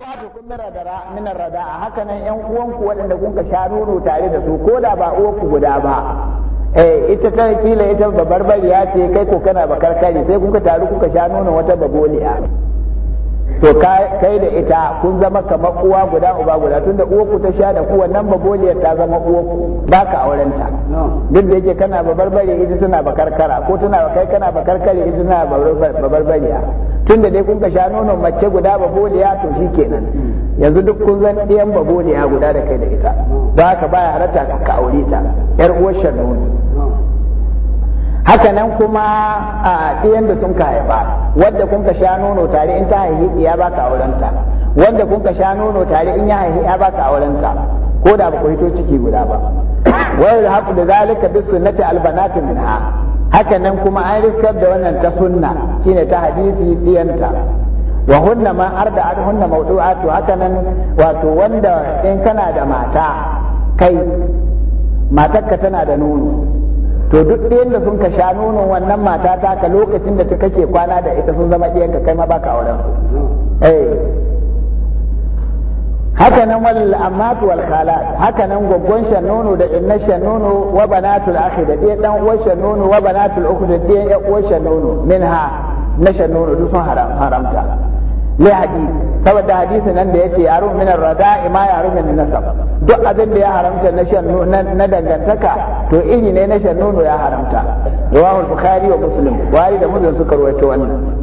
Fatu kun min rada haka nan ƴan uwanku waɗanda kun ka sha nono tare da su ko da ba uwanku guda ba. Eh ita ta kila ita babarbariya ce kai ko kana bakarkari sai kuka taru kuka sha nono wata baboliya. to kai da ita kun zama kamar uwa guda uba guda da uwa ku ta sha da ku wannan baboliyar ta zama uwa ku ka auren ta duk da yake kana babarbare ita tana bakarkara ko tana kai kana bakarkare ita tana babarbariya da dai kun ka sha nonon mace guda baboliya to shikenan mm. yanzu duk kun zan ɗiyan baboliya guda da kai da ita ba ka baya halatta ka aure ta yar uwar shan nono hakanan kuma a ɗiyan da sun ka haifa wadda kun ka sha nono tare in ta haihi ya ba ka aurenta wadda kun ka sha nono tare in ya haihi ya ba ka aurenta ko da ba ku hito ciki guda ba wai da haku da zalika bi sunnati albanati minha haka nan kuma an riskar da wannan ta sunna shine ta hadisi ɗiyanta wa hunna ma arda ad hunna mawdu'atu haka wato wanda in kana da mata kai matarka tana da nono to duk ɗayan da sun ka sha nonon wannan mata ta ka lokacin da ta kake kwana da ita sun zama ɗiyanka kai ma baka auren su eh haka nan wal amatu wal khalat haka nan goggon shan nono da inna sha nono wa banatul akhi da ɗiyan dan uwar sha nono wa banatul ukhti da ɗiyan ƴan uwar sha nono ha na sha nono duk sun haramta lahadi saboda hadisin nan da yace yaro min ar ima ma min nasab duk abin da ya haramta na shan na dangantaka to iri ne na shan nono ya haramta rawahu bukhari wa muslim wari da muslim suka rawaito wannan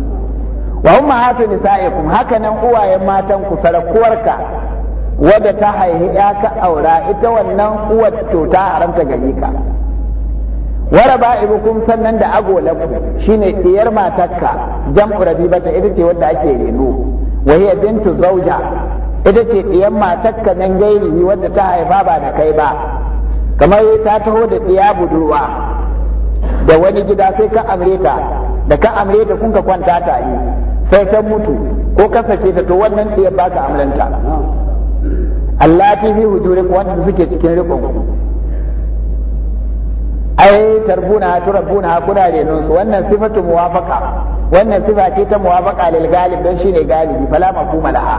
wa hatu nisa'ikum nan uwayen matan ku sarakuwarka wadda ta haihi ya ka aura ita wannan uwar to ta haramta gari ka wara ba'ibukum sannan da agolaku shine diyar matarka jam'u ta ita ce wadda ake reno wa hiya bintu zauja ita ce matarka nan gairihi wadda ta haifa ba da kai ba kamar ta taho da diya budurwa da wani gida sai ka amre ta da ka amre ta kun ka kwanta ta yi sai ta mutu ko ka sake ta to wannan diyar ka amranta Allah Ta fi hujurin wanda suke cikin rikonku. ai tarbuna turabuna kuna renon su wannan sifatu muwafaqa wannan sifa ce ta muwafaqa lil galib dan shine galibi fala mafhuma laha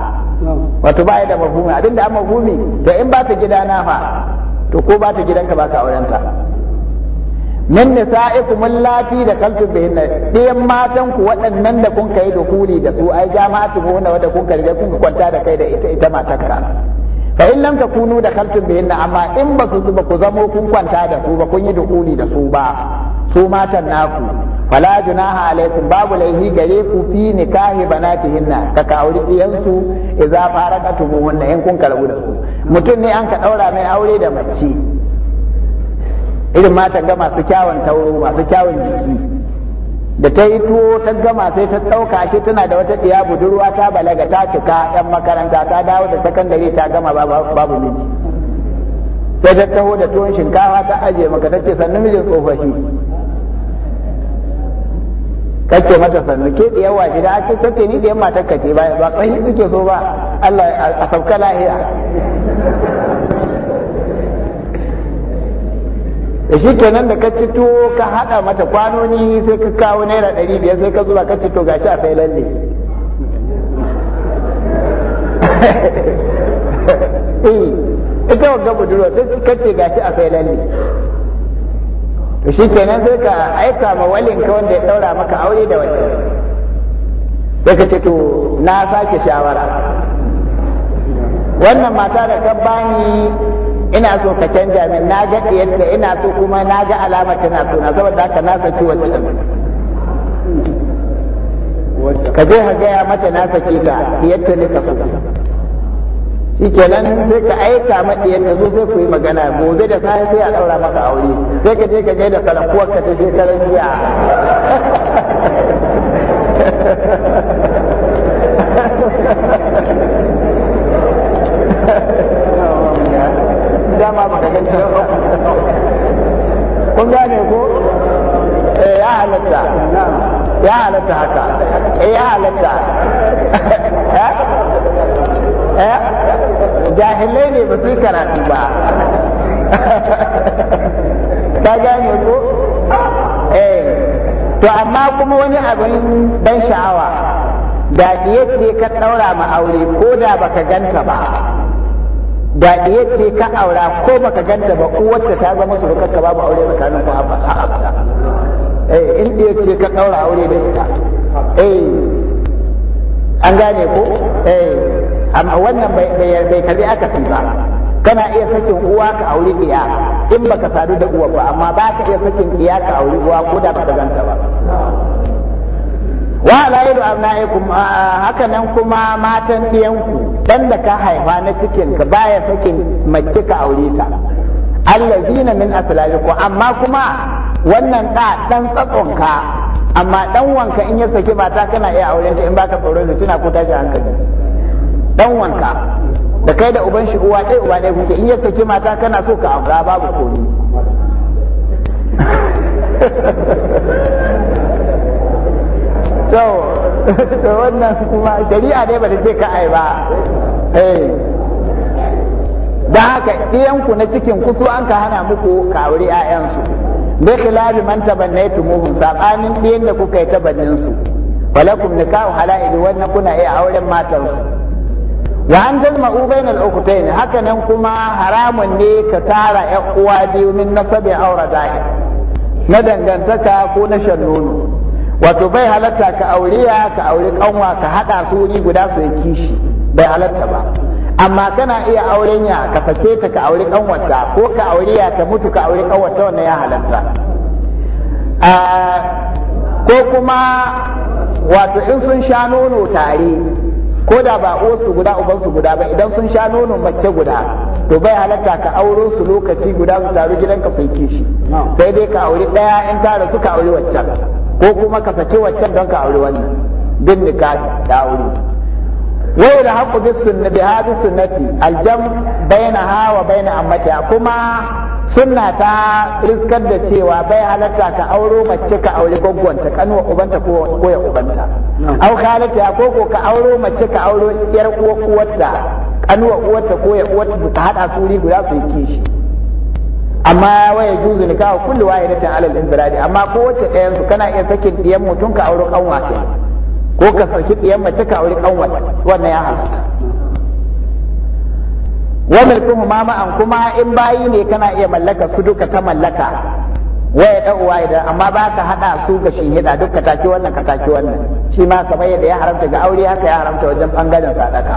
wato baya da mafhumi da an mafhumi to in ba ta gida na fa to ko ba ta gidanka ba ka aurenta min nisa'ikum allati da kaltu bihin diyan matan ku waɗannan da kun kai da kuli da su ai jama'atu wanda kun kai da kun kwanta da kai da ita ita matanka fa in lam takunu da khaltun bihin amma in ba su ba ku zamo kun kwanta da su ba kun yi dukuli da su ba su matan naku fala junaha alaikum babu laihi gare ku fi nikahi banatihinna ka iyan iyansu idza wannan in kun karbu da su mutum ne an ka daura mai aure da mace irin matan ga masu kyawun tauro masu kyawun jiki da ta yi tuwo ta gama sai ta ɗauka shi tana da wata ɗiya budurwa ta balaga ta cika ɗan makaranta ta dawo da sakandare ta gama babu miji sai ta taho da tuwon shinkafa ta ajiye maka ta ce sannu mijin tsofaffi kake mata sannu ke ɗiyar wa gida ake tace ni ɗiyar matar ka ce ba ba tsayi kake so ba Allah a sauka lahiya da eh, shi kenan da ka cito ka haɗa mata kwanoni sai ka kawo naira ɗari biyar sai ka zuba ka cito ga gashi a sai lalle eh, ita wagga budurwa ta ka ce gashi a sai lalle to shi kenan sai ka aika ma walin ka wanda ya ɗaura maka aure da wacce sai ka ce to na sake shawara wannan mata da ka bani ina so ka canja min na ga ɗiyarta ina so kuma na ga alama tana so na saboda haka na saki waccan ka je ka gaya mata na saki ka, ɗiyarta ne ka so shi kenan sai ka aika ma ɗiyarta zo sai ku yi magana gobe da safe sai a ɗaura maka aure sai ka je ka gaida salakuwar ka ta shekarar jiya dama baka ganta kun gane ko eh ya halatta ya halatta haka eh ya halatta eh, eh? jahilai ne ba su yi karatu ba ta gane ko eh to amma kuma wani abin ban sha'awa da ce ka ɗaura ma aure ko da baka ganta ba da iya ce ka aura ko baka ganta ba uwarta ta zama su ka babu aure tsakanin ku a abada eh in iya ce ka daura aure da ita eh an gane ko eh amma wannan bai bai kabi akasi ba kana iya sakin uwa ka aure iya in baka sadu da uwa ba amma ba ka iya sakin iya ka aure uwa ko da baka ganta ba wa alairu abnaikum haka nan kuma matan ɗiyanku dan da ka haifa na cikin ka baya sakin mace ka aure ta allazina min aslaliku amma kuma wannan da dan tsatson ka amma dan wanka in ya saki mata kana iya aure ta in baka tsoro ne tuna ko tashi hankali dan wanka da kai da uban shi uwa ɗaya uba ɗaya kuke in ya saki mata kana so ka aura babu komi to shari'a ne ba da ce ka ai eh. da haka iyanku na cikin kusu an ka hana muku kawuri 'ya'yansu bai khilafi man tabannaitu tumuhun sabanin ɗiyan da kuka yi tabannin su walakum nikahu hala'ili wannan kuna iya auren matar su wa an tajma'u bainal ukhtayn haka nan kuma haramun ne ka tara ƴan uwa biyu min aura aurata na dangantaka ko na shan nono wato bai halatta ka aure ya ka aure kanwa ka hada su wuri guda su yi shi bai halatta ba amma kana iya auren ya ka fake ta ka aure kanwata ko ka aure ya ta mutu ka aure kanwata wannan ya halatta ah, ko kuma wato in sun sha nono tare ko da ba su guda uban su guda ba idan sun sha nono mace guda to bai halatta ka auren su lokaci guda su taru gidanka su yi kishi sai dai ka aure daya in da suka aure waccan ko kuma ka saki waccan don ka aure wannan bin nikahi da aure wai da haƙu bi sunna bi hadi sunnati aljam ha wa baina ammati kuma sunna ta riskar da cewa bai halatta ka auro mace ka aure gwaggwanta kanuwa ubanta ko ya ubanta au halatta ko ko ka auro mace ka auro yar uwarta kanuwa uwarta ko ya uwarta ta hada su guda su yi kishi amma waya juzu ni kawo kullu wahidatin alal infiradi amma kowace ɗayansu kana iya sakin diyan mutum ka auri kanwa ko ka sarki diyan mace ka auri kanwa wannan ya halatta wa milkuhu an kuma in bayi ne kana iya mallaka su duka ta mallaka waye da uwa idan amma ba ka hada su ga shi hida duk kataki wannan kataki wannan shi ma kamar yadda ya haramta ga aure haka ya haramta wajen bangaren sadaka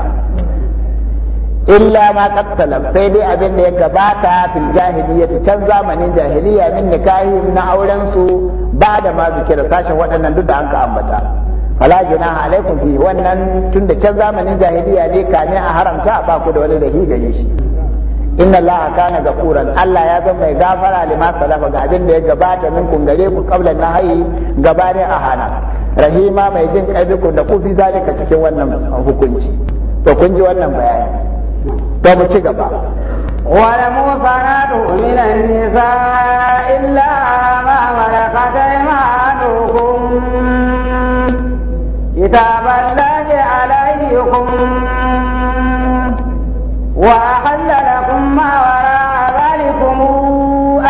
illa ma qad sai dai abin da ya gabata fil jahiliyyati can zamanin jahiliya min nikahi na auren su ba da ma zikira sashen waɗannan duk da an ka ambata fala jina alaikum fi wannan tun da can zamanin jahiliya ne kame a haramta ba ku da wani dahi gare shi inna allaha kana gafuran allah ya zama mai gafara lima salafa ga abin da ya gabata min kun gare ku qabla gabare a hana. rahima mai jin kai da ku fi zalika cikin wannan hukunci to kun ji wannan bayani to mu ci gaba wala musanatu minan nisa illa ma malakat aymanukum kitaban lahi alaykum wa ahalla lakum ma wara'a dhalikum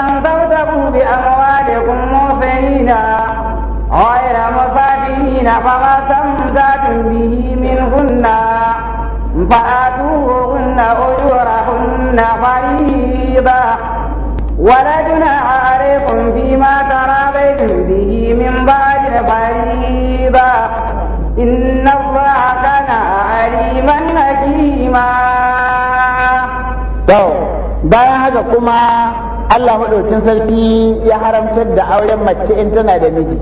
an tawtabu bi amwalikum musanina غير مسافرين فما استمتعتم به min فآتوا فريضا ولا جناح عليكم فيما تراضيتم به من بعد فريضا إن الله كان عليما حكيما bayan haka kuma Allah maɗaukin sarki ya haramtar da auren mace in tana da miji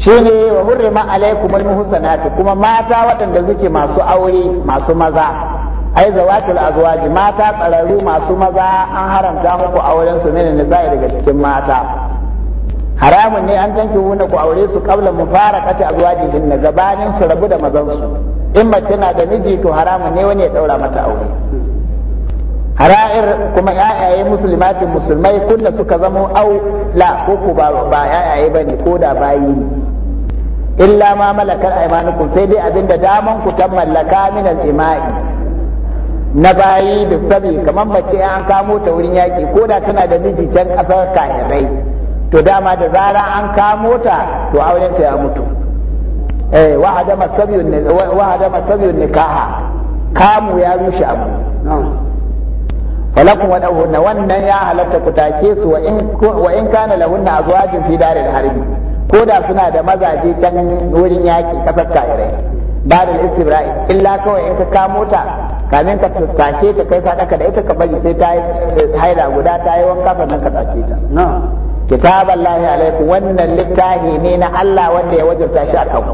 shine wa hurrima alaikum al kuma mata waɗanda suke masu aure masu maza ai zawatul azwaji mata tsararru masu maza an haramta muku auren su min sai daga cikin mata haramun ne an tanki wuna ku aure su qabla mufaraqati azwajihin na gabanin su rabu da mazan su in mace na da miji to haramun ne wani ya daura mata aure hara'ir kuma yayaye musulmatin musulmai kunna suka zama au la ko ku ba ba yayaye bane ko da bayi ne illa ma malakar aymanukum sai dai abinda daman ku ta mallaka min al-ima'i na bayi da sabi kamar mace an kamo ta wurin yaƙi ko da tana da miji can ƙasar kahirai to dama da zara an kamo ta to aurenta ya mutu eh wa hadama sabiyun wa adama sabiyun nikaha kamu ya rushe abu walakum wa dawunna wannan ya halatta ku take su wa in wa in kana lahunna azwajin fi daril harbi ko da suna da mazaje can wurin yaki kasar kahirai bada da istibra'i illa kawai in ka ka mota kamin ka take ta kai sadaka da ita ka bari sai ta haila guda ta yi wanka sannan ka take ta kitab Allah alaikum wannan littafi ne na Allah wanda ya wajabta shi akan ku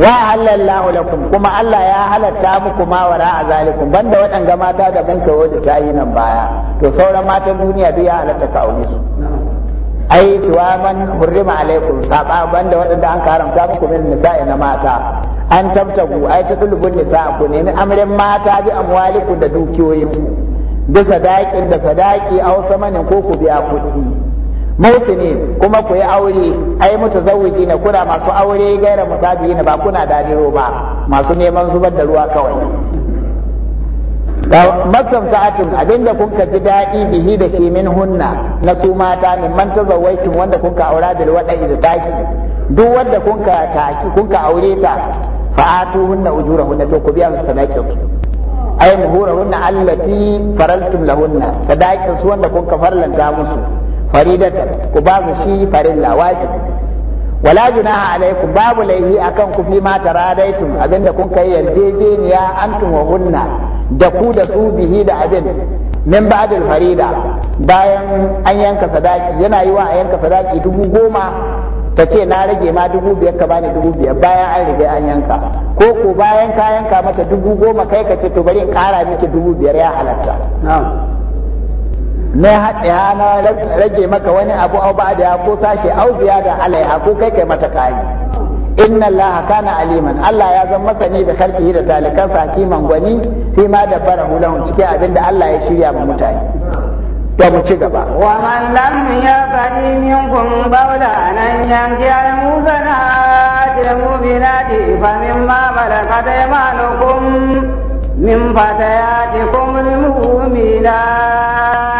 wa halallahu lakum kuma Allah ya halatta muku ma wara a zalikum banda waɗanga mata da mun kawo da nan baya to sauran matan duniya duk ya halatta ka aure su ai tuwa man hurrima alaikum saba banda waɗanda an haramta muku min nisa'i na mata an tabtagu ai ta bin nisa ku nemi amrin mata bi amwalikum da dukiyoyinku da sadakin da sadaki a samanin ko ku biya kuɗi ne kuma ku yi aure ai mutazawwiji na kuna masu aure gaira musabihi ba kuna dadiro ba masu neman zubar da ruwa kawai mastamta'atun abinda kun ji daɗi bihi da shi min hunna na su mata min manta tazawwaitum wanda kun ka aura bil taki duk wadda kun ka taki kun ka aure ta to ku biya su sadakin su ay muhurahunna allati faraltum lahunna sadakin su wanda kun ka farlanta musu faridatan ku ba shi farin lawaki. wala junaha alaikum babu laihi akan ku fi ma taradaitum abinda kun kai yarjejeniya antum wa hunna da ku da su bihi da abin min ba'dil farida bayan an yanka sadaki yana yi wa a yanka sadaki dubu goma ta ce na rage ma dubu biyar ka bani dubu biyar bayan an rage an yanka ko ko bayan ka yanka mata dubu goma kai ka ce to bari in kara miki dubu biyar ya halatta na haɗe na rage maka wani abu au ba da ko sashe au da alaiha ko kai kai mata kayi inna allaha kana aliman Allah ya zama masani da khalqihi da talikan hakiman gwani fi ma da farahu lahum cikin abin da Allah ya shirya ma mutane to mu ci gaba wa man lam min minkum bawla nan yanki al musana fa malakat min fatayatikum al mu'minat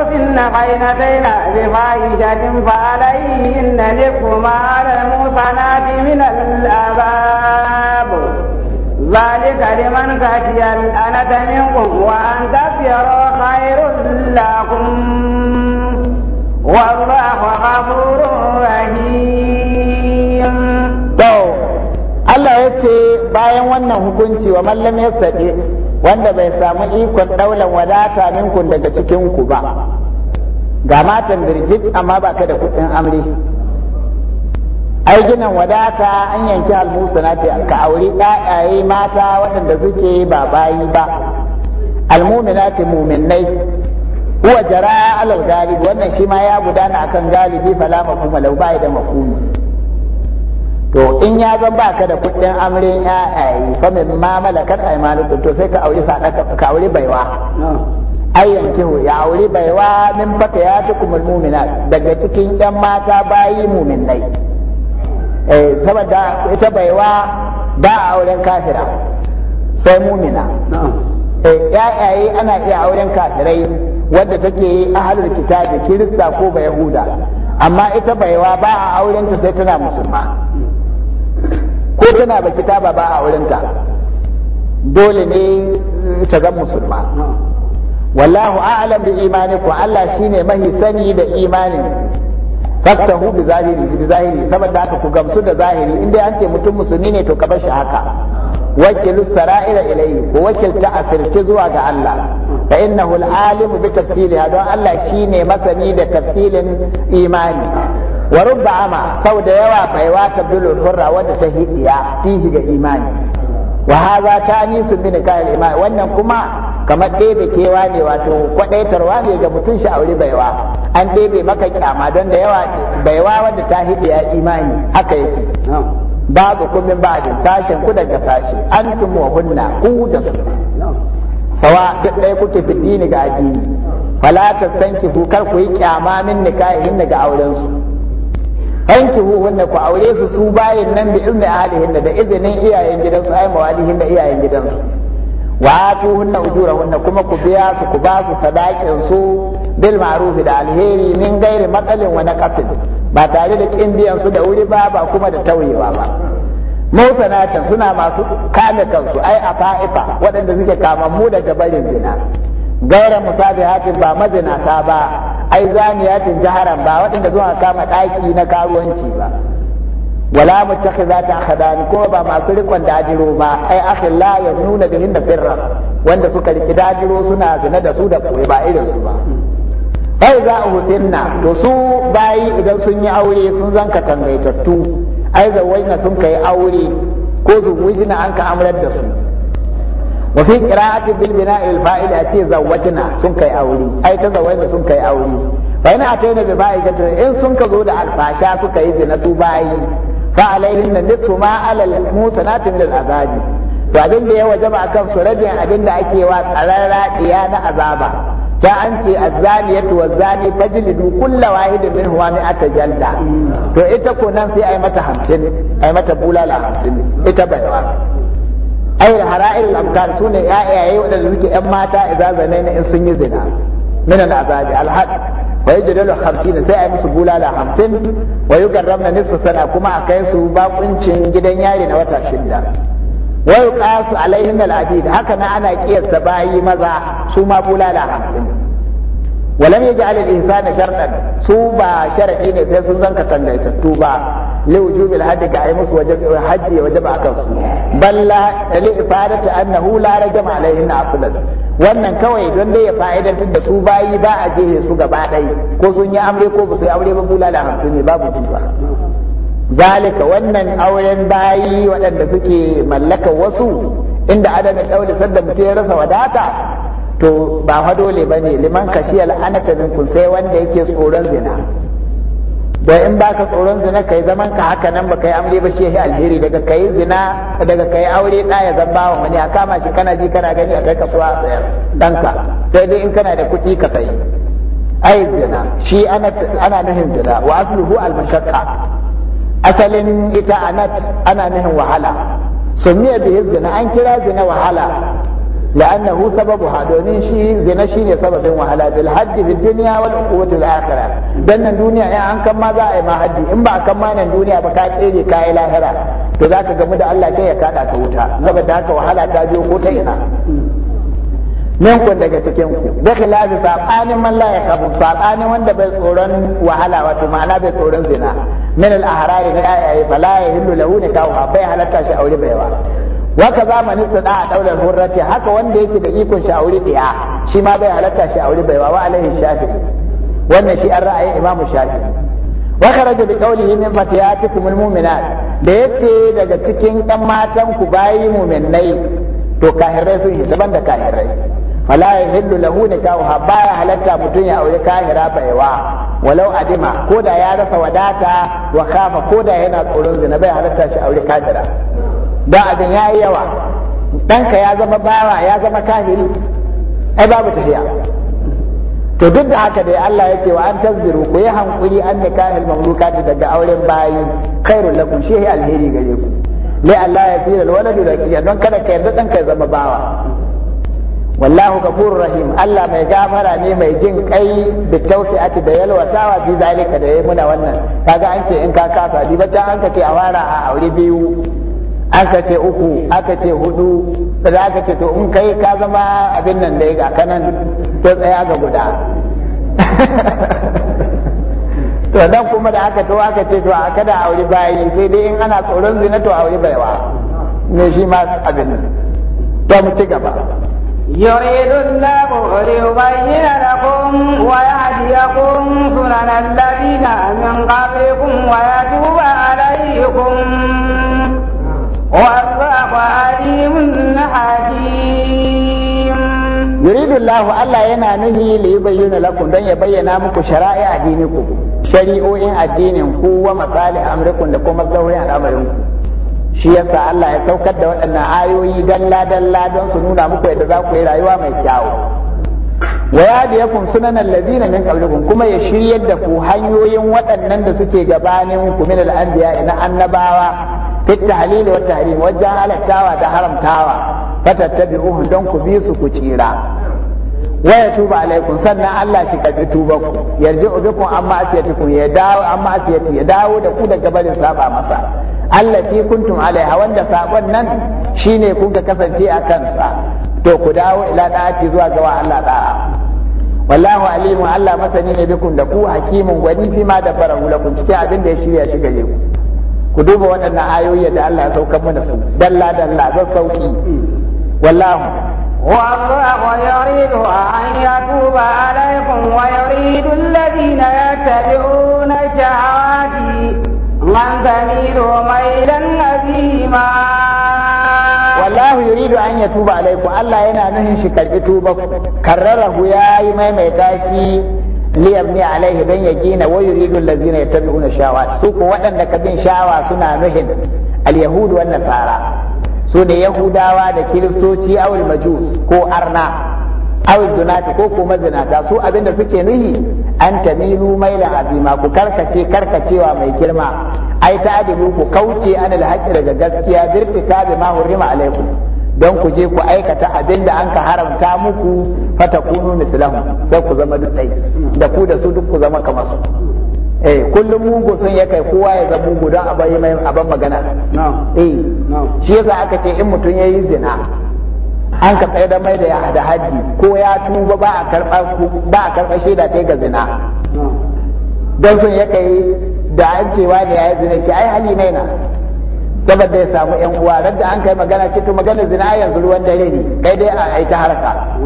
بين بفاحشة فعليهن نصف ما على المصنات من الأباب ذلك لمن خشي الأنة منكم وأن تكفروا خير لكم والله غفور رحيم Allah ya ce bayan wannan hukunci wa mallam ya wanda bai samu ikon daular wadata minkun daga cikinku ba ga matan birjit amma ba ka da kuɗin amri ai ginin wadata an yanki na ta ka auri ɗayaye mata waɗanda suke ba bayi ba ta muminai huwa jara alal galibi wannan shi ma ya gudana akan galibi fala makuma lau bai da makumi to in ya zan ka da kuɗin amrin ya'yaye fa min ma malakat aymanukum to sai ka auri ka auri baiwa ayyan kihu ya auri baiwa min baka ya kuma mu'minat daga cikin yan mata bayi mu'minai eh saboda ita baiwa ba a auren kafira sai mu'mina eh yayaye ana iya auren kafirai wadda take ahlul kitabi kirista ko ba yahuda amma ita baiwa ba a auren ta sai tana musulma ko tana ba kitaba ba a auren ta dole ne ta ga musulma wallahu a'lam bi imanikum Allah shine mahi sani da imanin faktahu bi zahiri bi zahiri saboda haka ku gamsu da zahiri inda an ce mutum musulmi ne to ka bar shi haka wakilu sara'ira ilayhi ko wakilta asirce zuwa ga Allah fa innahu al-alimu bi tafsiliha don Allah shine masani da tafsilin imani wa rubba ama sau da yawa baiwa tabdulul hurra wadda ta hidiya fihi ga imani wa hadha tanisu min kail imani wannan kuma kamar ɗebe kewa ne wato kwaɗaitarwa ne ga mutum shi aure baiwa an ɗebe maka kyama don da yawa baiwa wanda ta ya imani haka yake babu kumin ba'adin sashen ku daga sashe an tumu hunna ku da su sawa duk ɗaya kuke fiɗi ni ga addini wala sanki ku kar ku yi kyama min nikahin ga auren su an ki hunna ku aure su su bayin nan bi ilmi ahlihin da izinin iyayen gidansu ai mawalihin da iyayen gidansu wa ujura hunna kuma ku biya su ku ba su sadakin su bil ma'ruf da alheri min gairi matsalin wa naqasin ba tare da kin biyan su da wuri ba ba kuma da tauyewa ba mausanatan suna masu kame kansu ai a fa'ifa waɗanda suke kamammu daga barin zina gaira musabihatin ba mazinata ba ai zaniyatin jaharan ba waɗanda suna kama ɗaki na karuwanci ba wala muttakhizata akhadan kuma ba masu rikon dajiro ba ai akhil la nuna bihin da firra wanda suka riki dajiro suna zina da su da koyi ba irin su ba bai za a husinna to su bayi idan sun yi aure sun zanka tangaitattu ai zawaina sun kai aure ko zuwijina an ka amrar da su wa fi qira'ati bil bina'il fa'il ace sun kai aure ai ta zawaina sun kai aure bayan a taina bi ba'i in sun ka zo da alfasha suka yi zina su bayi fa alaihin na nisfu ma alal na azabi to abin da ya waje a kan su rabin abin da ake wa tsararra diya na azaba ta an ce azzaniyatu wazzani fajlidu kulla wahidin min huwa mi'ata janda. to ita ko nan sai ai mata 50 mata bulala 50 ita baiwa ai da hara'ir al-amkar sune yayaye waɗanda suke yan mata izazanai zanaina in sun yi zina min al-azabi al wa yujadalu 50 sai a musu bulala hamsin, wa yugarramna nisfu sana kuma a kai su bakuncin gidan yari na wata shidda su yuqasu alaihim al haka na ana kiyasta bayi maza su ma bulala hamsin. ولم يجعل الإنسان شرطا سوبا شرعي ne sai sun zanka tangaitattu ba liwujub alhajj ga ai musu wajib hajji wajib a kansu balla li ifadatu annahu la rajam alaihin aslan wannan kawai don dai ya fa'idantar da su bayi ba a jehe su gaba dai ko sun yi amre ko ba su yi amre ba bula da hamsin ne babu jiba zalika wannan auren bayi waɗanda suke mallaka wasu inda adam ya daure sanda mutum ya rasa wadata to ba fa dole ba ne liman kashi al'anata minkum sai wanda yake tsoron zina da in baka tsoron zina kai zaman ka haka nan baka yi amre ba shi alheri daga kai zina daga kai aure da ya zamba wa wani a kama shi kana ji kana gani a kai ka a tsayar danka sai dai in kana da kuɗi ka sayi ai zina shi ana ana nuhin zina wa asluhu al mashaqqa asalin ita anat ana nuhin wahala sumiya bihi zina an kira zina wahala لأنه سبب دونين شيء زنا شيء سبب وهلا بالحد في الدنيا والعقوبة في الآخرة دنا الدنيا يا أن كم ما ذا ما حد إن بقى كم ما الدنيا بكات إيه كاي لاهرة تذاك جمد الله كي يكاد كوتا زبد ذاك وهلا تاجو كوتينا منكم daga cikin ku da khilafi sabanin man la yakhabu sabanin wanda bai tsoron wahala wato ma'ana bai tsoron zina min al-ahrari na ayaye fala yahillu lahu nikahu bai halatta shi aure baiwa waka zamanin su da a daular hurrati haka wanda yake da ikon shi ɗaya shi ma bai halatta shi aure bai wa alaihi shafi wannan shi an ra'ayin imamu shafi. wa kharaja bi qawlihi min fatiyatikum muminat da yace daga cikin ɗan matan ku bayi mu'minai to kahirai sun yi daban da kahirai fala yahillu lahu nikahuha baya halatta mutun ya auri kahira baiwa walau adima ko da ya rasa wadata wa kafa ko da yana tsoron zina bai halatta shi aure kahira da abin ya yi yawa ɗanka ya zama bawa ya zama kahiri, ai babu tafiya to duk da haka dai Allah ya ce wa an tasbiru ku yi hankuri an nikahil mamlukati daga auren bayi khairul lakum shehi alheri gare ku lai Allah ya tsira waladu da don kada ka yarda ɗanka ya zama bawa wallahu gafurur rahim Allah mai gafara ne mai jin kai da tausi'ati da yalwatawa bi zalika da yayi muna wannan kaga an ce in ka kafa. di ta an ka ce a wara a aure biyu aka ce uku aka ce hudu da aka ce to in kai ka zama abin nan da ya ga nan to tsaya ga guda to dan kuma da aka to aka ce to aka da aure bayi sai dai in ana tsoron zina to aure baiwa ne shi ma abin nan to mu ci gaba يريد الله ليبين لكم ويهديكم سنن الذين من قبلكم ويتوب عليكم والله عليم حكيم يريد الله الله yana nuhi li yubayyana lakum don ya bayyana muku shari'a addinikum shari'o'in addinin ku wa masalih da kuma saurin al'amarin ku shi yasa Allah ya saukar da waɗannan ayoyi dalla dalla don su nuna muku yadda za ku yi rayuwa mai kyawu wa yahdiyakum nan lazina min qablikum kuma ya shiryar da ku hanyoyin waɗannan da suke gabanin ku min al anbiya na annabawa fi tahlil wa tahrim wajen halattawa da haramtawa fatattabi'uhu don ku bi su ku tsira wa ya tuba alaikum sannan Allah shi karbi tubanku yarji'u bikum amma kun ya dawo amma asiyati ya dawo da ku daga barin saba masa Allah fi kuntum alaiha wanda sabon nan shine kun ka kasance a kansa to ku dawo ila da'ati zuwa ga wa Allah da'a wallahu alimu Allah masani ne bikun da ku hakimin gwani fi ma da farahu lakum cikin abin da ya shirya shi gare ku ku duba waɗannan ayoyi da Allah ya saukar mana su dalla dalla zan sauki wallahu والله يريد أن يتوب عليكم ويريد الذين يتبعون الشهوات من تميلوا ميلا أثيما والله يريد أن يتوب عليكم الله ينا نهن شكر توبك كرره يا ميميتاشي liyabni alaihi dan ya gina wa yuridu allazina yattabi'una shawat su ko waɗanda ka bin shawa suna nuhin al-yahud wan nasara su ne yahudawa da kiristoci awul majus ko arna awul zinata ko kuma zinata su abinda suke nuhi an tamilu maila azima ku karkace karkacewa mai girma ai ta adilu ku kauce an alhaqi daga gaskiya birtika bi ma alaikum don ku je ku aikata abinda an ka haramta muku fatakunu mislahu sai ku zama duk da ku da su duk ku zama kamar su eh kullum mugu sun ya kai kowa ya zama mugu don a mai abin magana eh shi yasa aka ce in mutum ya yi zina an ka tsaye da mai da da haddi ko ya tuba ba a karba ba a karba ga zina don sun ya kai da an cewa ne ya yi zina ce ai hali ne na saboda ya samu yan uwa da an kai magana ce to magana zina yanzu ruwan dare ne kai dai a aita haraka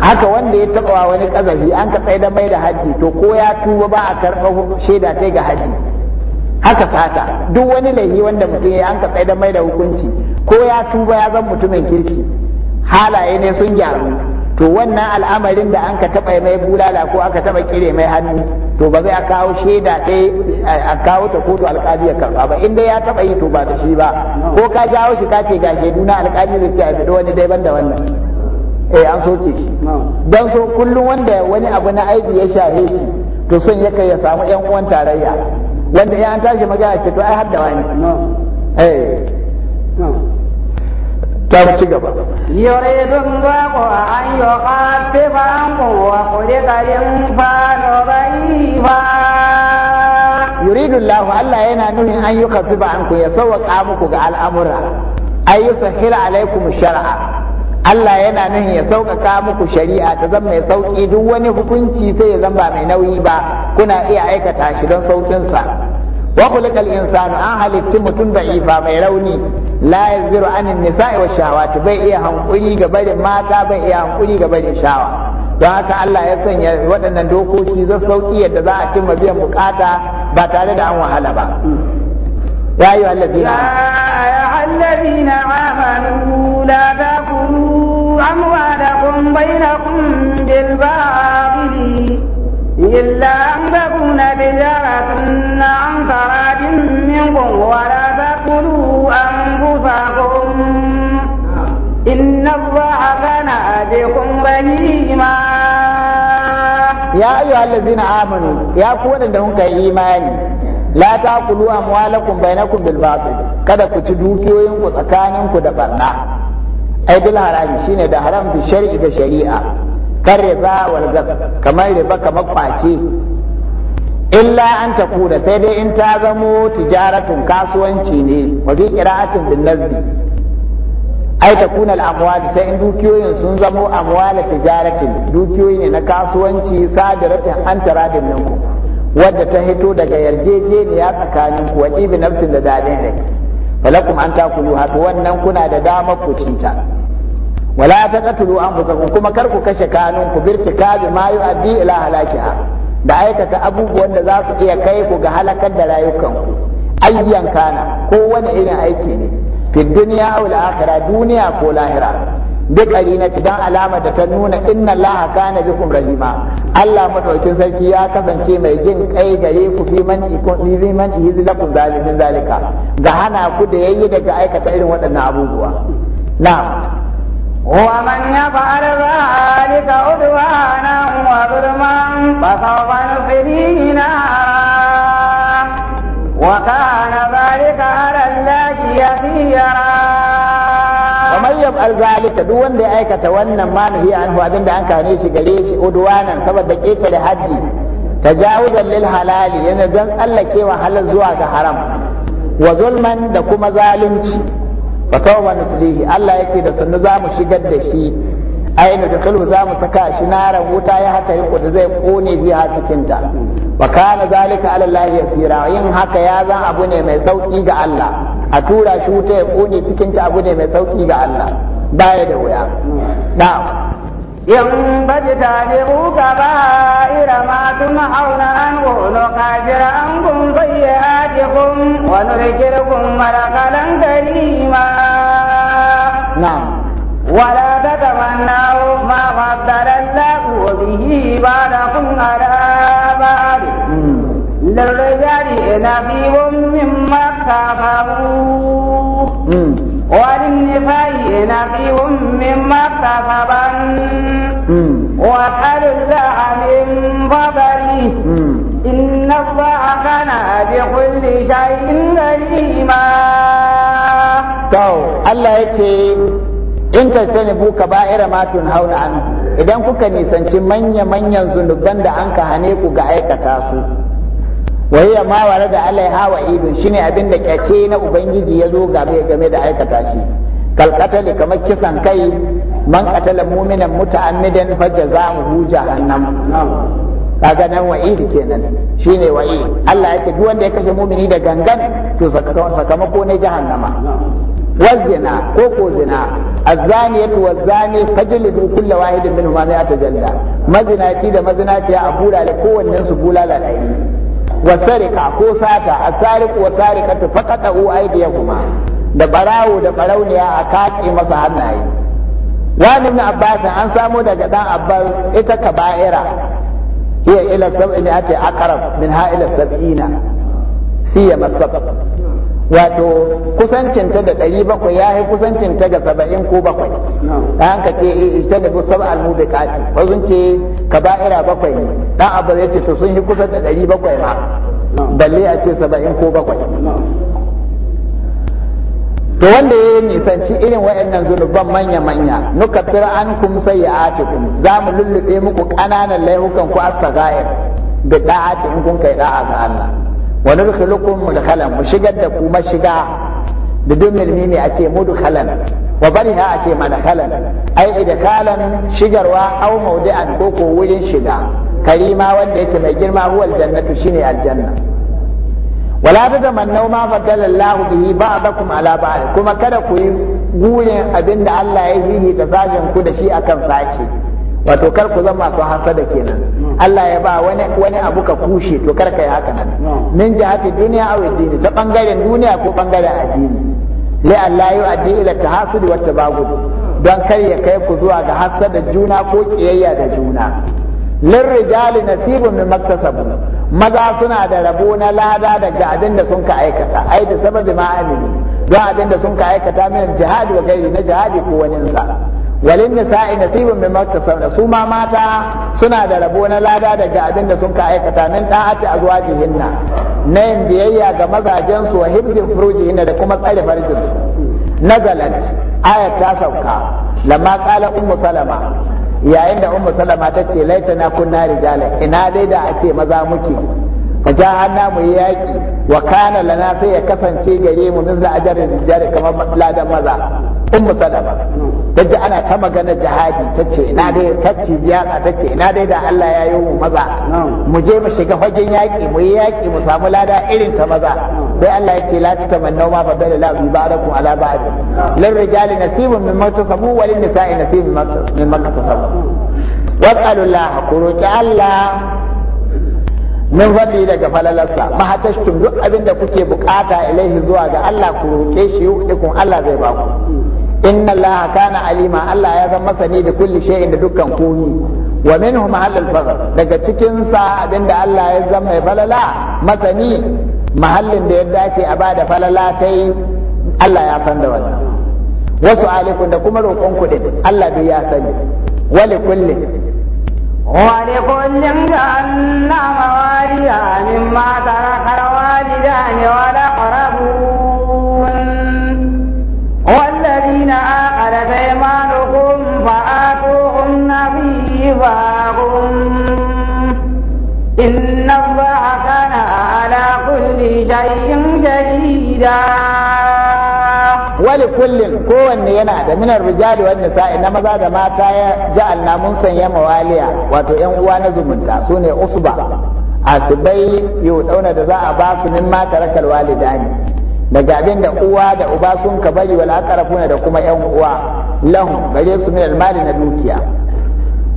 haka wanda ya taɓa wani ƙazafi an ka tsaye da mai da haji to ko ya tuba ba a karɓa shaida ta ga haji haka sata duk wani laifi wanda mutum ya an ka tsaye da mai da hukunci ko ya tuba ya zan mutumin kirki halaye ne sun gyaru to wannan al'amarin da an ka taɓa mai bulala ko aka taɓa kire mai hannu to ba zai a kawo shaida ta a kawo ta kotu alƙali ya karɓa ba inda ya taɓa yi to ba da shi ba ko ka jawo shi ka ce ga shaidu na alƙali zai ce a wani dai da wannan eh an soke shi dan so kullum wanda wani abu na aibi ya shahe shi to son ya kai ya samu yan uwan tarayya wanda ya an tashi magana ce to ai har da wani eh ta ci gaba ga ko an an ko wa fa no insanu ba. yuridu Allah Allah yana nuni an yuqaffifa ankum ya sawwaqa muku ga al'amura ay yusahhila alaikum shar'a Allah yana nan ya sauƙaƙa muku shari'a ta zama mai sauƙi duk wani hukunci sai ya zama mai nauyi ba kuna iya aikata shi don sauƙinsa wa kulikal insanu an halittu mutum da ifa mai rauni la anin an nisa'i wa ta bai iya hankuri ga barin mata bai iya hankuri ga barin shawa don haka Allah ya sanya waɗannan dokoki zan sauƙi yadda za a cimma biyan bukata ba tare da an wahala ba ya yi ayyuhallazina amanu la إلا أن تكون تجارة عن تراد منكم ولا تأكلوا أنفسكم إن الله كان بكم رحيما يا أيها الذين آمنوا يا la ta kulu amwalakum bainakum bil batil kada ku ci dukiyoyinku tsakaninku da barna ai bil harami shine da haram bi shar'i da shari'a kar riba wal kamar riba kamar kwace illa an ta kuda sai dai in ta zamo tijaratun kasuwanci ne wa kira'atun bin nazbi ai ta kunal amwali sai in dukiyoyin sun zamo amwala tijaratin dukiyoyi ne na kasuwanci sadaratin an taradin minku wadda ta hito daga yarjejeniya tsakanin ku wa ibi nafsin da dadin rai falakum an ta kulu haka wannan kuna da damar ku cinta wala taqtulu anfusakum kuma kar ku kashe kanun ku birtikabi ma a ila halakiha da aikata abubuwan da za su iya kai ku ga halakar da rayukanku ayyan kana ko wani irin aiki ne fi duniya aw akhirah duniya ko lahira duk arinati dan alama da ta nuna inna allah kana bikum rahima Allah madaukin sarki ya kasance mai jin kai gare ku fi man ikon fi man izlakum zalimin zalika ga hana ku da yayi daga aikata irin waɗannan abubuwa Na. ومن يفعل ذلك عدوانا وظلما فسوف نصليه نارا وكان ذلك على الله يسيرا ومن يفعل ذلك duk wanda ya aikata wannan ma nahi anhu abinda an kane shi gare shi udwanan saboda ketare haddi tajawuzan lil halali yana don tsallakewa halal zuwa ga haram wa zulman da kuma zalunci fa sawfa nuslihi Allah yake da sannu za mu shigar da shi ainu da kullu za mu saka shi naran wuta ya haka riko da zai kone biya cikin ta wa kana zalika ala Allah fira yin haka ya zan abu ne mai sauki ga Allah a tura shi wuta ya kone cikin ta abu ne mai sauki ga Allah baya da wuya na'am in baji ta je kuka ba ira ma tun hauna an wono kajira an kun zoye a jikun wani rikir kun marakalan karima. Nam. Wala ta gaba na ma ba daren bihi ba da kun ara ba de. Hmm. Lalle jari na fi min ma ka وللنساء نصيب مما اكتسبن واسألوا الله من فضله إن الله كان بكل شيء Allah ya ce in idan kuka nisanci manya manyan zunuban da an ka hane ku ga aikata su wayya ma wala da alaiha hawa ibin shine abin da kyace na ubangiji ya zo game game da aikata shi kalkatali kamar kisan kai man qatala mu'minan muta'ammidan fa jazaohu jahannam kaga nan wa'id kenan shine wa'id Allah yake duk wanda ya kashe mu'mini da gangan to sakamako ne jahannama والزنا ko زنا الزانية والزاني فجلدوا كل واحد منهما مئة جلدة مزناتي ده مزناتي أبولا لكو su بولا للعين Wasarika ko sata asariq wa sarikatu faqadu aydiyahuma da barawo da barauniya a katse masa hannaye wani ibn abbas an samo daga dan abbas ita kaba'ira hiya ila sab'ina ati aqrab min ha ila sab'ina siya masab wato kusancinta da ɗari bakwai ya yi kusancinta ga saba'in ko bakwai ta hanka ce eh, eh, ita da duk saba'al mu da kati wasu ce ka ba'ira bakwai ne ɗan abu zai ce to sun yi kusa da ɗari bakwai ma balle a ce saba'in ko bakwai to wanda ya yi nisanci irin waɗannan zunuban manya-manya nuka fira an kum sai ya ake za mu lullube muku ƙananan laifukan ku a sagair da da'ati in kun kai da'a ga Allah Wani wa da mudkhalan mu shigar da ku mashiga da domin mimi ake mudkhalan wa bariha ake madkhalan ai idkhalan shigarwa au mawdi'an ko ko wurin shiga karima wanda yake mai girma huwal jannatu shine aljanna wala tatamannaw ma faddala Allah bihi ba ala ba'd kuma kada ku yi gurin abinda Allah ya hihi da sashen ku da shi akan sashi wato kar ku zama masu hasada kenan Allah ya ba wani wani abu ka kushe to kar kai haka nan min jihati duniya aw addini ta bangaren duniya ko bangaren addini la Allah yu addi ila wata wa tabagud don kar ya kai ku zuwa ga hasada juna ko kiyayya da juna lirrijali nasibun min maktasab maza suna da rabo na lada daga abin da sun ka aikata ai da sababi ma amini don abin da sun ka aikata min jihadi wa gairi na jihadi ko waninsa walin nisa'i nasibun mimma kasabna su ma mata suna da rabo na lada daga abin da sun ka aikata min da'ati azwajihinna na yin biyayya ga mazajen su wa hibzi furujihinna da kuma tsare farjin su nazalat ayat ta sauka lamma qala ummu salama yayin da ummu salama ta ce laitana kunna rijala ina dai da ake maza muke ja hanna mu yi wa kana lana sai ya kasance gare mu misla ajarin rijali kamar ladan maza ummu salama ta ji ana ta magana jihadi ta ce ina dai ta ce jiyaka ta ce ina dai da Allah ya yi mu maza mu je mu shiga fagen yaƙi mu yi yaƙi mu samu lada irin ta maza sai Allah ya ce la ta tamannau ma fadala la bi ba'dakum ala ba'd lil rijali nasibun mimma tasabu wa lin nisa'i nasibun mimma tasabu was'alullaha ku roki Allah min fadli daga falalarsa mahatashtum duk abin da kuke bukata ilaihi zuwa ga Allah ku roke shi yu'tikum Allah zai baku inna Allah kana alima Allah ya zama masani da kulli shay'in da dukkan komi wa minhum mahallul fadl daga cikin sa abinda Allah ya zama ya falala masani mahallin da ya dace a bada falala tai Allah ya san da wannan wasu alikun da kuma roƙon kuɗin Allah duk ya sani wali kulli أكواهم kullum, kowanne yana da minar rijali wanda sa'i na maza da mata ya alnamun mun sanya mawaliya wato yan uwa na zumunta sune usba asibai yau dauna da za a ba su min mata rakal walidani daga abin da uwa da uba sun ka bari wal aqrabuna da kuma yan uwa lahum gare su min almali na dukiya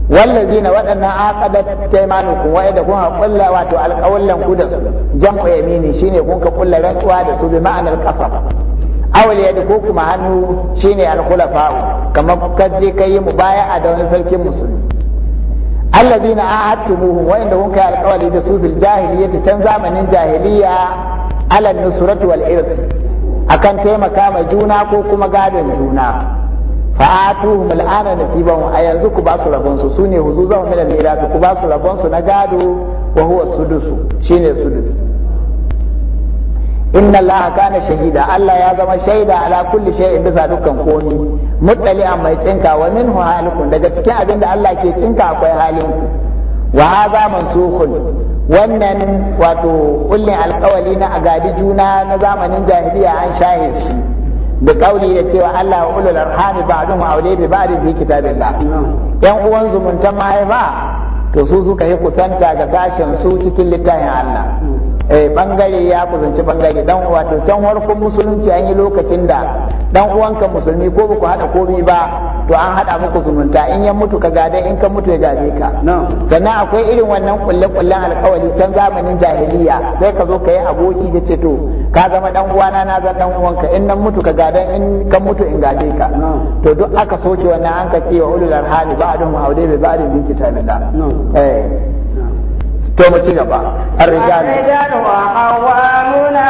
wallazi na waɗannan aqadat taymanukum wa idza kun qulla wato alqawlan ku da su jam'u yamini shine kun ka kulla rantsuwa da su bi ma'anar qasam awal yadi ko kuma hannu shine al-khulafa'u kamar kaje kai mubaya'a da wani sarkin musulmi alladhina ahadtumuhum wa waɗanda kun kai alqawli da su bil jahiliyyati tan zamanin jahiliya ala nusrati wal irsi akan taimaka ma juna ko kuma gadon juna fa'atuhum al'ana nasibahum a yanzu ku ba su rabon su sune huzuzahum min al-miras ku ba su rabon su na gado wa huwa sudusu shine sudus inna Allah kana shahida Allah ya zama shaida ala kulli shay'in bisa dukkan komi muddali mai tsinka wa minhu halikun daga cikin abin da Allah ke cinka akwai halin ku wa hadha mansukhun wannan wato kullin alkawali na agadi juna na zamanin jahiliya an shahe shi da kauli ya cewa Allah wa ulul arhami ba'dhum awli bi ba'd fi kitabillah yan uwan zumunta mahaifa to su suka yi kusanta ga sashen su cikin littafin Allah eh bangare ya kusanci bangare dan wato can harko musulunci an yi lokacin da dan uwanka musulmi ko baku hada komi ba to an hada muku zumunta in ya mutu ka gada in ka mutu ya gade ka sannan akwai irin wannan kulle kullen alkawali can zamanin jahiliya sai ka zo ka yi aboki da ce to ka zama dan uwana na zan dan uwanka in nan mutu ka gada in ka mutu in gade ka to duk aka soke wannan an ka ce wa ulul arhami ba'dhum awliya bi bi kitabillah to mu ci gaba ar-rijalu ar qawwamuna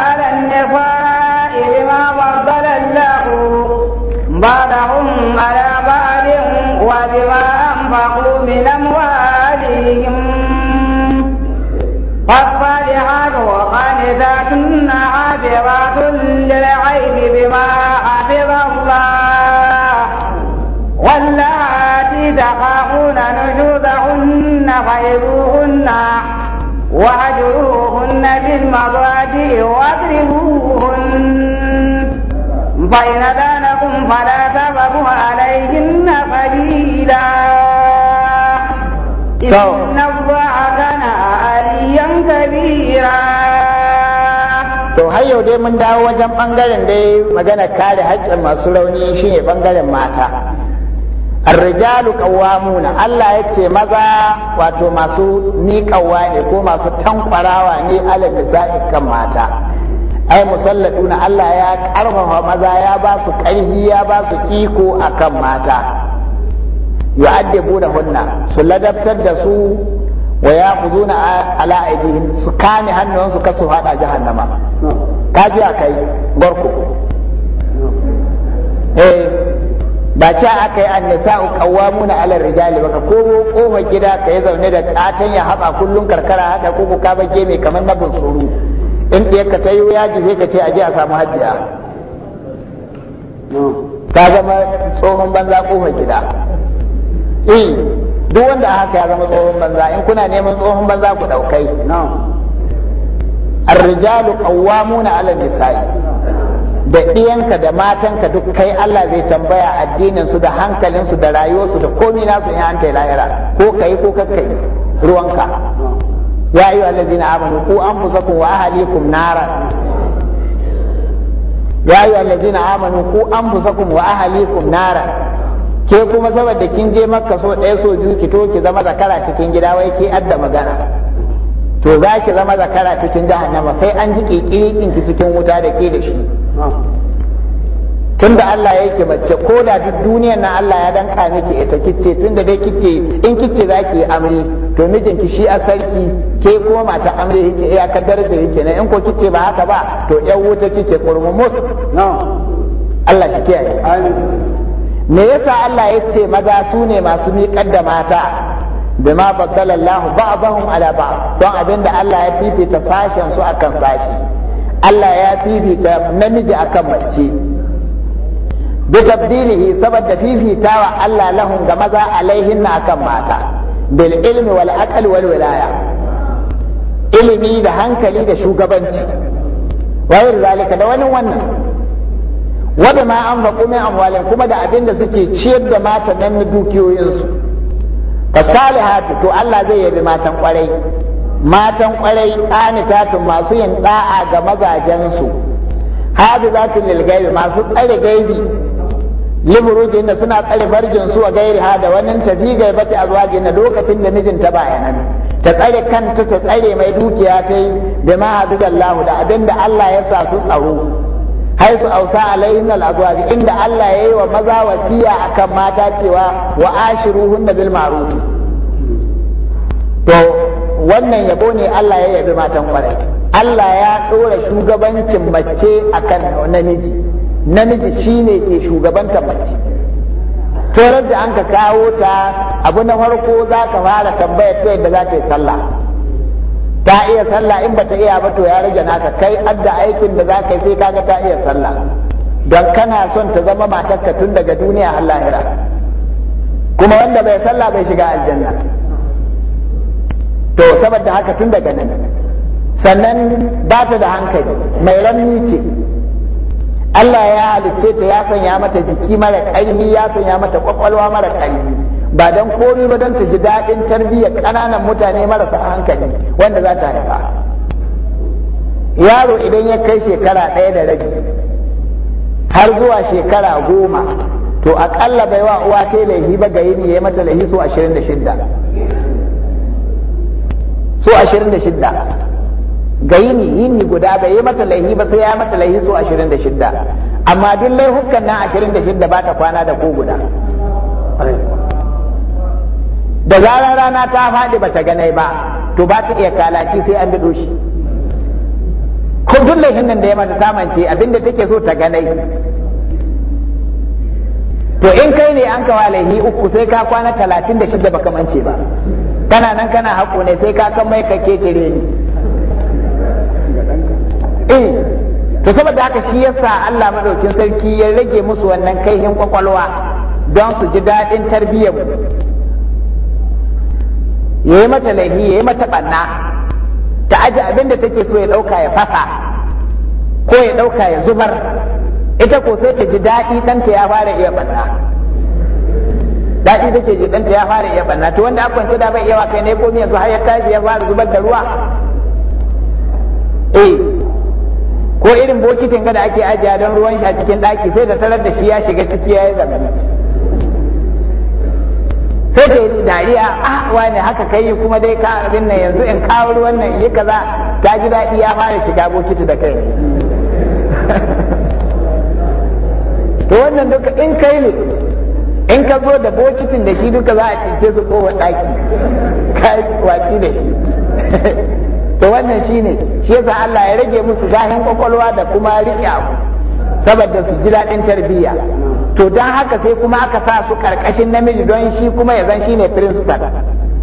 المضاجع واضربوهن فإن دانكم فلا تبغوا عليهن سبيلا إن الله كان عليا كبيرا to har yau dai mun dawo wajen bangaren dai magana kare haƙƙin masu rauni shine bangaren mata Allah ya ce maza wato masu ni ني ne ko masu tankwarawa ne على النساء kan mata. ai musallatuna Allah ya karfafa maza ya ba su ƙarfi ya ba su iko akan mata yu'addibu da hunna su ladabtar da su wa yaquduna ala aidihim su kame hannuwansu kasu hada jahannama kaji akai gorko eh ba ca aka yi annisa'u na alar rijali ka ko kofar gida ka yi zaune da katon ya haɓa kullum karkara haka ko ka bage mai kamar na bunsuru in ɗaya ka ta yi yaji sai ka ce aje a samu hajiya ka zama tsohon banza kofar gida eh duk wanda haka ya zama tsohon banza in kuna neman tsohon banza ku ɗaukai ar-rijalu qawwamuna 'ala nisa'i da ɗiyanka da matanka duk kai Allah zai tambaya addininsu da hankalinsu da rayuwarsu da komi nasu in hanta kai lahira ko kai ko kakkai ruwanka ya yi wa lazina amanu ku an kun wa ahalikum nara ya yi wa lazina amanu ku an kun wa ahalikum nara ke kuma saboda kin je makka so ɗaya so biyu ki to ki zama zakara cikin gida wai ki adda magana to za ki zama zakara cikin jahannama sai an ji kikirikin ki cikin wuta da ke da shi Tun da Allah ya yake mace ko da duk duniyar na Allah ya danka miki ita kicce da dai kicce in kicce yi amri to mijinki shi a sarki ke kuma mata amri yake ka daraja yake na in ko kicce ba haka ba to yan wuta kike mus no Allah ki kiyaye me yasa Allah ya ce maza su ne masu miƙar da mata bima baddala Allah ba'dahum ala ba'd don abin da Allah ya fifita sashen su akan sashi Allah ya fifita namiji akan mace bi tabdilihi saboda fifitawa Allah lahun ga maza alaihin na akan mata bil ilmi wal aql wal wilaya ilimi da hankali da shugabanci wayar zalika da wani wannan wanda ma an faƙo min amwalin kuma da abinda suke ciyar da mata nan na dukiyoyinsu fasalihatu to Allah zai yabi matan kwarai matan kwarai qanitatun masu yin da'a ga mazajensu za su gaibi masu tsare gaibi liburujin da suna tsare barjin su wa gairi ha da wani tafi gaibati azwajin na lokacin da mijinta bayanan ta tsare kanta ta tsare mai dukiya ta yi da ma'azidallahu da abinda Allah ya sa su tsaro hai su ausa alaihin al'azwaji inda Allah ya yi wa maza wasiya akan mata cewa wa hunna bil ma'ruf to wannan yabo ne Allah ya yabi matan kwarai Allah ya ɗora shugabancin mace akan namiji namiji shine ke shugabantar mace torar da an ka kawo ta abu na farko za ka fara tambayar ta yadda za ta yi sallah ta iya sallah in bata iya ba to ya rage naka kai adda aikin da za ka yi sai kaga ta iya sallah don kana son ta zama matarka tun daga duniya har lahira kuma wanda bai sallah bai shiga aljanna to saboda haka tun daga nan sannan ba ta da hankali mai rami ce Allah ya halicce ta ya sanya mata jiki mara ƙarfi ya sanya mata kwakwalwa mara ƙarfi ba don kori ba don ta ji daɗin tarbiyyar ƙananan mutane marasa hankali wanda za ta haifa yaro idan ya kai shekara ɗaya da rabi har zuwa shekara goma to aƙalla bai wa uwa kai laifi ba ga ne ya mata laihi so ashirin da shidda so 26 ga yini yini guda bai yi mata laihi ba sai ya mata laihi so 26 amma duk laihukan da 26 ba ta kwana da ko guda da zarar rana ta faɗi ba ta ganai ba to ba ta iya kalaci sai an biɗo shi ko duk laihin nan da ya mata ta mance abinda take so ta ganai to in kai ne an kawa laihi uku sai ka kwana 36 baka mance ba kana nan kana haƙo ne sai ka kan mai kake cire ni eh to saboda haka shi yasa Allah madaukin sarki ya rage musu wannan kaihin kwakwalwa don su ji daɗin tarbiyyar ya yi mata lahi, ya yi mata ɓanna ta aji abin da take so ya ɗauka ya fasa ko ya ɗauka ya zubar ita ko sai ta ji daɗi ɗanta ya fara iya ɓanna daɗi take ji ɗanta ya fara iya banna to wanda akwance da bai iya kai ne ko yanzu har ya tashi ya fara zubar da ruwa eh ko irin bokitin ga da ake ajiya don ruwan shi a cikin ɗaki sai da tarar da shi ya shiga ciki ya yi zamani sai ta yi dariya a ah, wani haka kai kuma dai ka abin nan yanzu in kawo ruwan nan yi kaza ta ji daɗi ya fara shiga bokiti da kai to wannan duka in kai ne in ka zo da bokitin da shi duka za a cince su kowa ɗaki ka watsi da shi to wannan shi ne shi yasa Allah ya rage musu zahin kwakwalwa da kuma riƙe abu saboda su ji daɗin tarbiyya to don haka sai kuma aka sa su ƙarƙashin namiji don shi kuma ya zan shi ne principal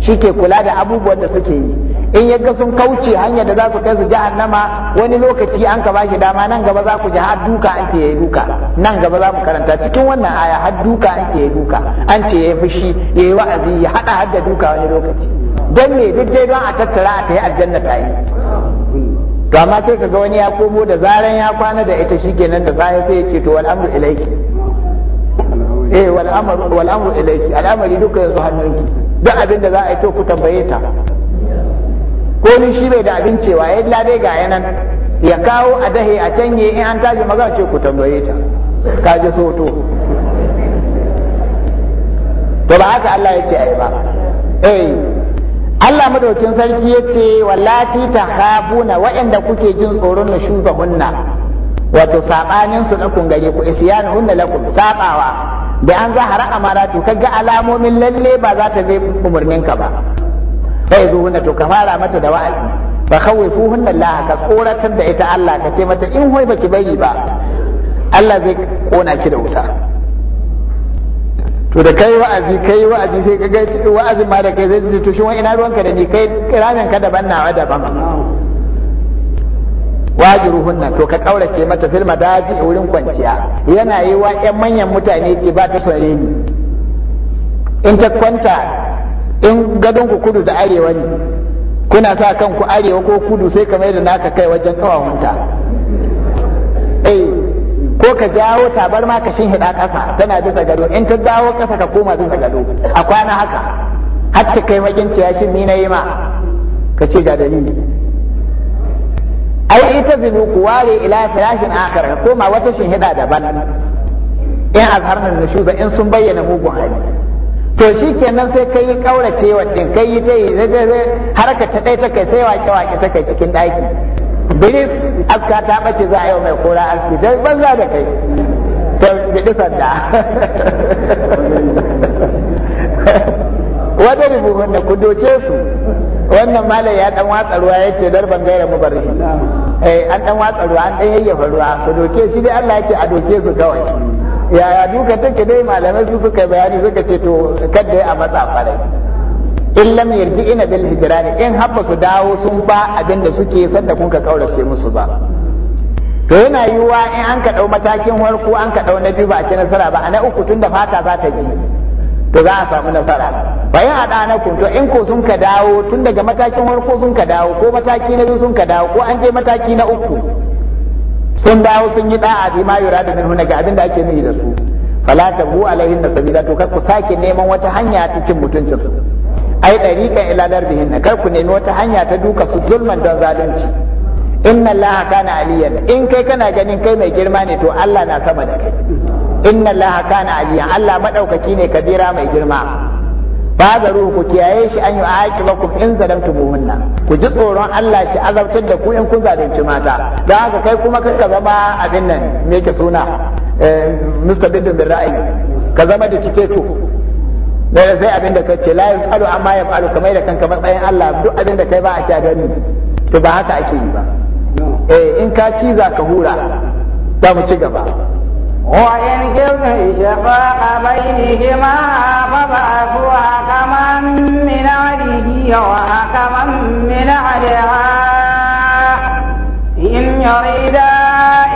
shi ke kula da abubuwan da suke yi in yaga sun kauce hanyar da za su kai su jahannama wani lokaci an ka bashi dama nan gaba za ku ji har duka an ce yayi duka nan gaba za mu karanta cikin wannan aya har duka an ce yayi duka an ce yayi fushi yayi wa'azi ya hada har da duka wani lokaci don me duk dai don a tattara a yi aljanna ta yi to amma sai kaga wani ya komo da zaran ya kwana da ita shikenan da sai sai ya ce to wal amru ilayki eh wal amru wal amru ilayki al'amari duka yanzu hannunki duk abin da za a yi to ku tambaye ta ko ni shi bai da abin cewa ya eh, dai ga yanan ya kawo a dahe a canye in an tashi magana ce ku tambaye ta ka ji soto to ba haka Allah ya ce ai ba eh Allah madaukin sarki ya ce ta habuna waɗanda kuke jin tsoron na shuzahunna wato sabanin su kun gare ku isyanu hunna lakum sabawa da an zahara amaratu kaga alamomin lalle ba za ta bi umurnin ka ba sai zo hunna to ka fara mata da wa'azi fa khawifu hunna Allah ka tsoratar da ita Allah ka ce mata in hoy baki bari ba Allah zai kona ki da wuta to da kai wa'azi kai wa'azi sai kaga wa'azin ma da kai zai ji to shi wa ina ruwanka da ni kai ramin ka daban nawa daban nan, to ka kaurace mata fil madaji wurin kwanciya yana yi wa ƴan manyan mutane ce ba ta sore ni. in ta kwanta in gadon ku kudu da arewa ne kuna sa kanku arewa ko kudu sai ka mai naka kai wajen kawahunta eh ko ka jawo tabar ma ka shinhiɗa ƙasa tana bisa gado in ta dawo ƙasa ka koma bisa gado a kwana haka har ta kai ya ciyashin ni na yi ma ka ce ga dalili ai ita zinu ku ware ila firashin akhar koma wata shin hida daban in azharna da in sun bayyana mugun hali to shikenan sai kai yi kaurace wa din kai yi ta yi harka ta dai ta kai sai waƙe-waƙe ta kai cikin daki bilis aska ta bace za a yau mai kora aski dai banza da kai to bidi sanda da ku doke su wannan malai ya dan watsa ruwa ya ce darban gaira bari eh an dan watsa ruwa an dan yayyafa ruwa ku doke shi dai Allah yake a doke su kawai yaya duka take dai malamai su suka bayani suka ce to kadda a matsa farai? in lam yarji ina bil hijrani in habba su dawo sun ba abinda suke sanda kun ka kaurace musu ba to yana yiwuwa in an ka dau matakin farko an ka dau na biyu ba a ci nasara ba a na uku tun da fata za ta ji to za a samu nasara bayan a na to in ko sun ka dawo tun daga matakin farko sun ka dawo ko mataki na biyu sun ka dawo ko an je mataki na uku sun dawo sun yi da'a bi ma yura da min huna ga abin ake nuni da su fala bu alaihin da sabila to kar ku sake neman wata hanya ta cin mutuncin su ai dariqan ila darbihin kar ku nemi wata hanya ta duka su zulman don zalunci inna allaha kana aliyan in kai kana ganin kai mai girma ne to Allah na sama da kai inna allaha kana aliyan allah madaukaki ne kabira mai girma Ba ruhu ku kiyaye shi an yi ku in buhunna ku ji tsoron Allah shi azabtar da ku in kun zalunci mata dan haka kai kuma kar ka zama abin nan me ke suna eh, mr bidin bin ra'ayi ka zama da kike to da sai abin da kace la yasalu amma yafalu kamar da kanka matsayin Allah duk abin da kai ba a ci gani to ba haka ake yi ba eh in ka ci za ka hura za mu ci gaba وإن كنتم شقاق بينهما فبعثوا حكما من عليه وحكما من عليها إن يريدا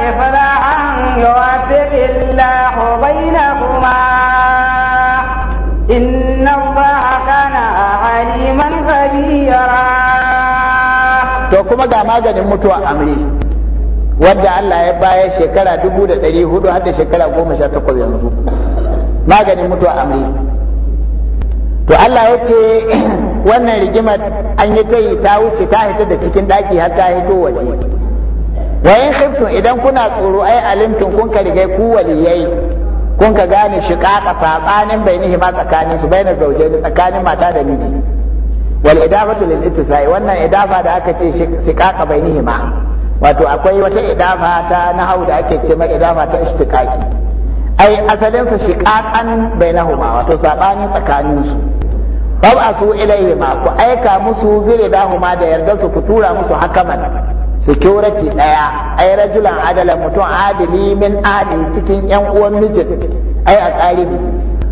إفلاحا يوفق الله بينهما إن الله كان عليما خبيرا. To kuma ga maganin mutuwa amri. wadda Allah ya baya shekara dubu da ɗari hudu har da shekara goma sha takwas yanzu maganin mutuwa amri to Allah ya ce wannan rigimar an yi ta yi ta wuce ta hita da cikin ɗaki har ta hito waje wayan khiftun idan kuna tsoro ai alimtun kun ka rigai ku waliyai kun ka gane shiƙaƙa saɓanin bainihi ma tsakanin su bainar zaujeni tsakanin mata da miji wal idafatu lil ittisai wannan idafa da aka ce shiƙaƙa bainihi ma wato akwai wata idafa ta nahau da ake ce mai idafa ta ishtiqaqi ai asalin sa shiqaqan bainahuma wato sabani tsakanin su bab'asu ma ku aika musu biridahuma da yarda su ku tura musu hakaman security daya ai rajulan adala mutum adili min adili cikin yan uwan mijin ai a qalibi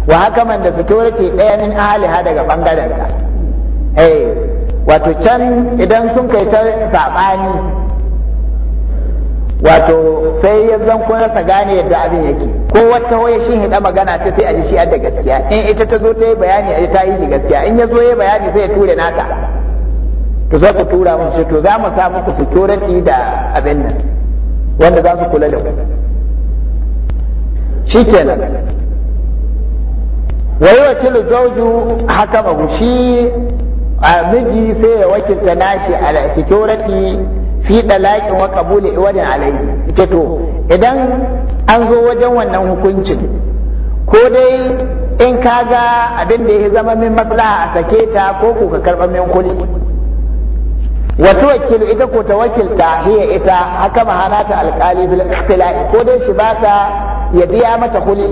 wa hakaman da security daya min ha daga bangaren ka eh wato can idan sun kai ta sabani wato sai ya zan ko rasa gane yadda abin yake ko wata waya shi hida magana ta sai a ji shi da gaskiya in ita ta zo ta yi bayani a ta yi shi gaskiya in ya zo ya bayani sai ya ture naka to za ku tura mun shi to za mu sa muku security da abin nan wanda za su kula da ku shikenan wai wakilu zauju haka ba shi a miji sai ya wakilta nashi a security fi dalakin wa kabuli iwadin alayhi ce to idan an zo wajen wannan hukuncin ko dai in ka ga abin da ya zama min maslaha a sake ta ko ku ka karɓa min kuli wa wakil ita ko ta tawakkilta hiya ita haka mahanata alƙali bil ikhtila'i ko dai shi bata ya biya mata kuli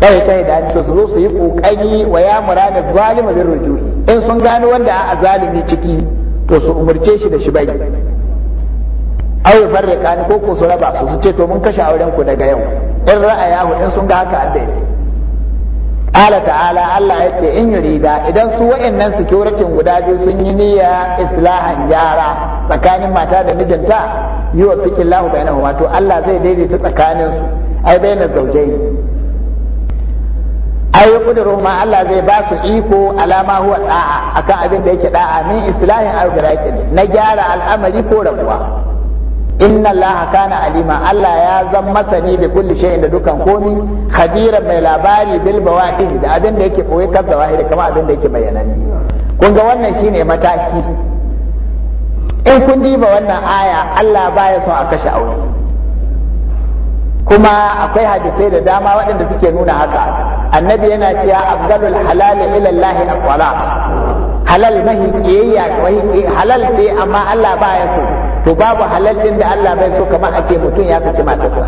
kai ta da su zo su yi kokari wa ya murana zalima bin rujuhi in sun gano wanda a zalimi ciki to su umarce shi da shi bai au farrika ni ko ko su raba su su ce to mun kashe auren ku daga yau in ra'ayahu in sun ga haka an daidai Ala ta'ala Allah ya ce in yurida idan su wa'annan sikuratin guda biyu sun yi niyya islahan gyara tsakanin mata da mijinta yiwa wa fikin lahu bainahuma to Allah zai daidaita tsakanin su ai bainar zaujai ay qudru ma Allah zai ba su iko alama huwa da'a akan abin da yake da'a min islahin aw na gyara al'amari ko rabuwa inna Allah kana alima Allah ya zan masani da kulli shay'in da dukan komi khabira mai labari bil bawaqi da abin da yake koyi kan zawahiri kama abin da yake bayanani kun ga wannan shine mataki in kun diba wannan aya Allah baya son a kashe aure kuma akwai hadisai da dama waɗanda suke nuna haka annabi yana cewa afdalul halal ila Allah aqwala halal mahi kiyayya halal ce amma Allah ba ya so to babu halal din da Allah bai so kamar a ce mutum ya saki matarsa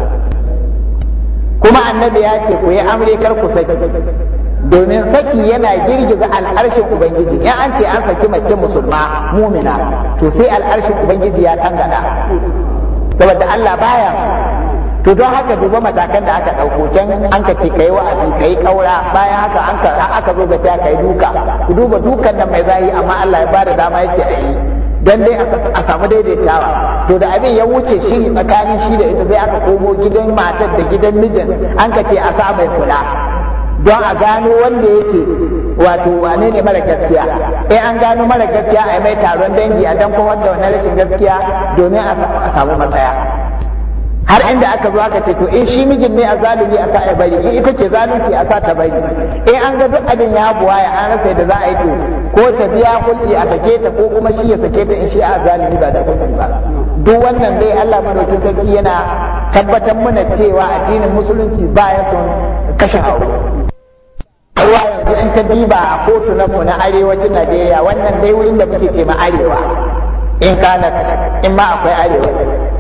kuma annabi ya ce ku yi amri, kar ku saki domin saki yana girgiza al'arshin ubangiji in an ce an saki mace musulma mumina to sai al'arshin ubangiji ya tangada saboda Allah baya so to don haka duba matakan da aka ɗauko can an ka ce kai wa'azi kai kaura bayan haka an ka aka zo ga ta kai duka ku duba dukan nan mai zai amma Allah ya bada dama yace a yi dan dai a samu daidaitawa to da abin ya wuce shi tsakanin shi da ita sai aka komo gidan matar da gidan mijin an ka ce a sa mai kula don a gano wanda yake wato wane ne mara gaskiya eh an gano mara gaskiya a mai taron dangi a dan kuma wanda wannan rashin gaskiya domin a samu matsaya har inda aka zo aka ce to in shi mijin ne a zalimi a sa ya bari in ita ce zalunci a sa ta bari in an ga duk abin ya buwa ya an rasa da za a yi to ko ta biya kulki a sake ta ko kuma shi ya sake ta in shi a zalumi ba da kulki ba duk wannan dai Allah madaukakin sarki yana tabbatar mana cewa addinin musulunci ba ya son kashe aure ruwa yanzu in ta diba a kotu na mu na arewacin Najeriya wannan dai wurin da muke ce ma arewa in kanat in ma akwai arewa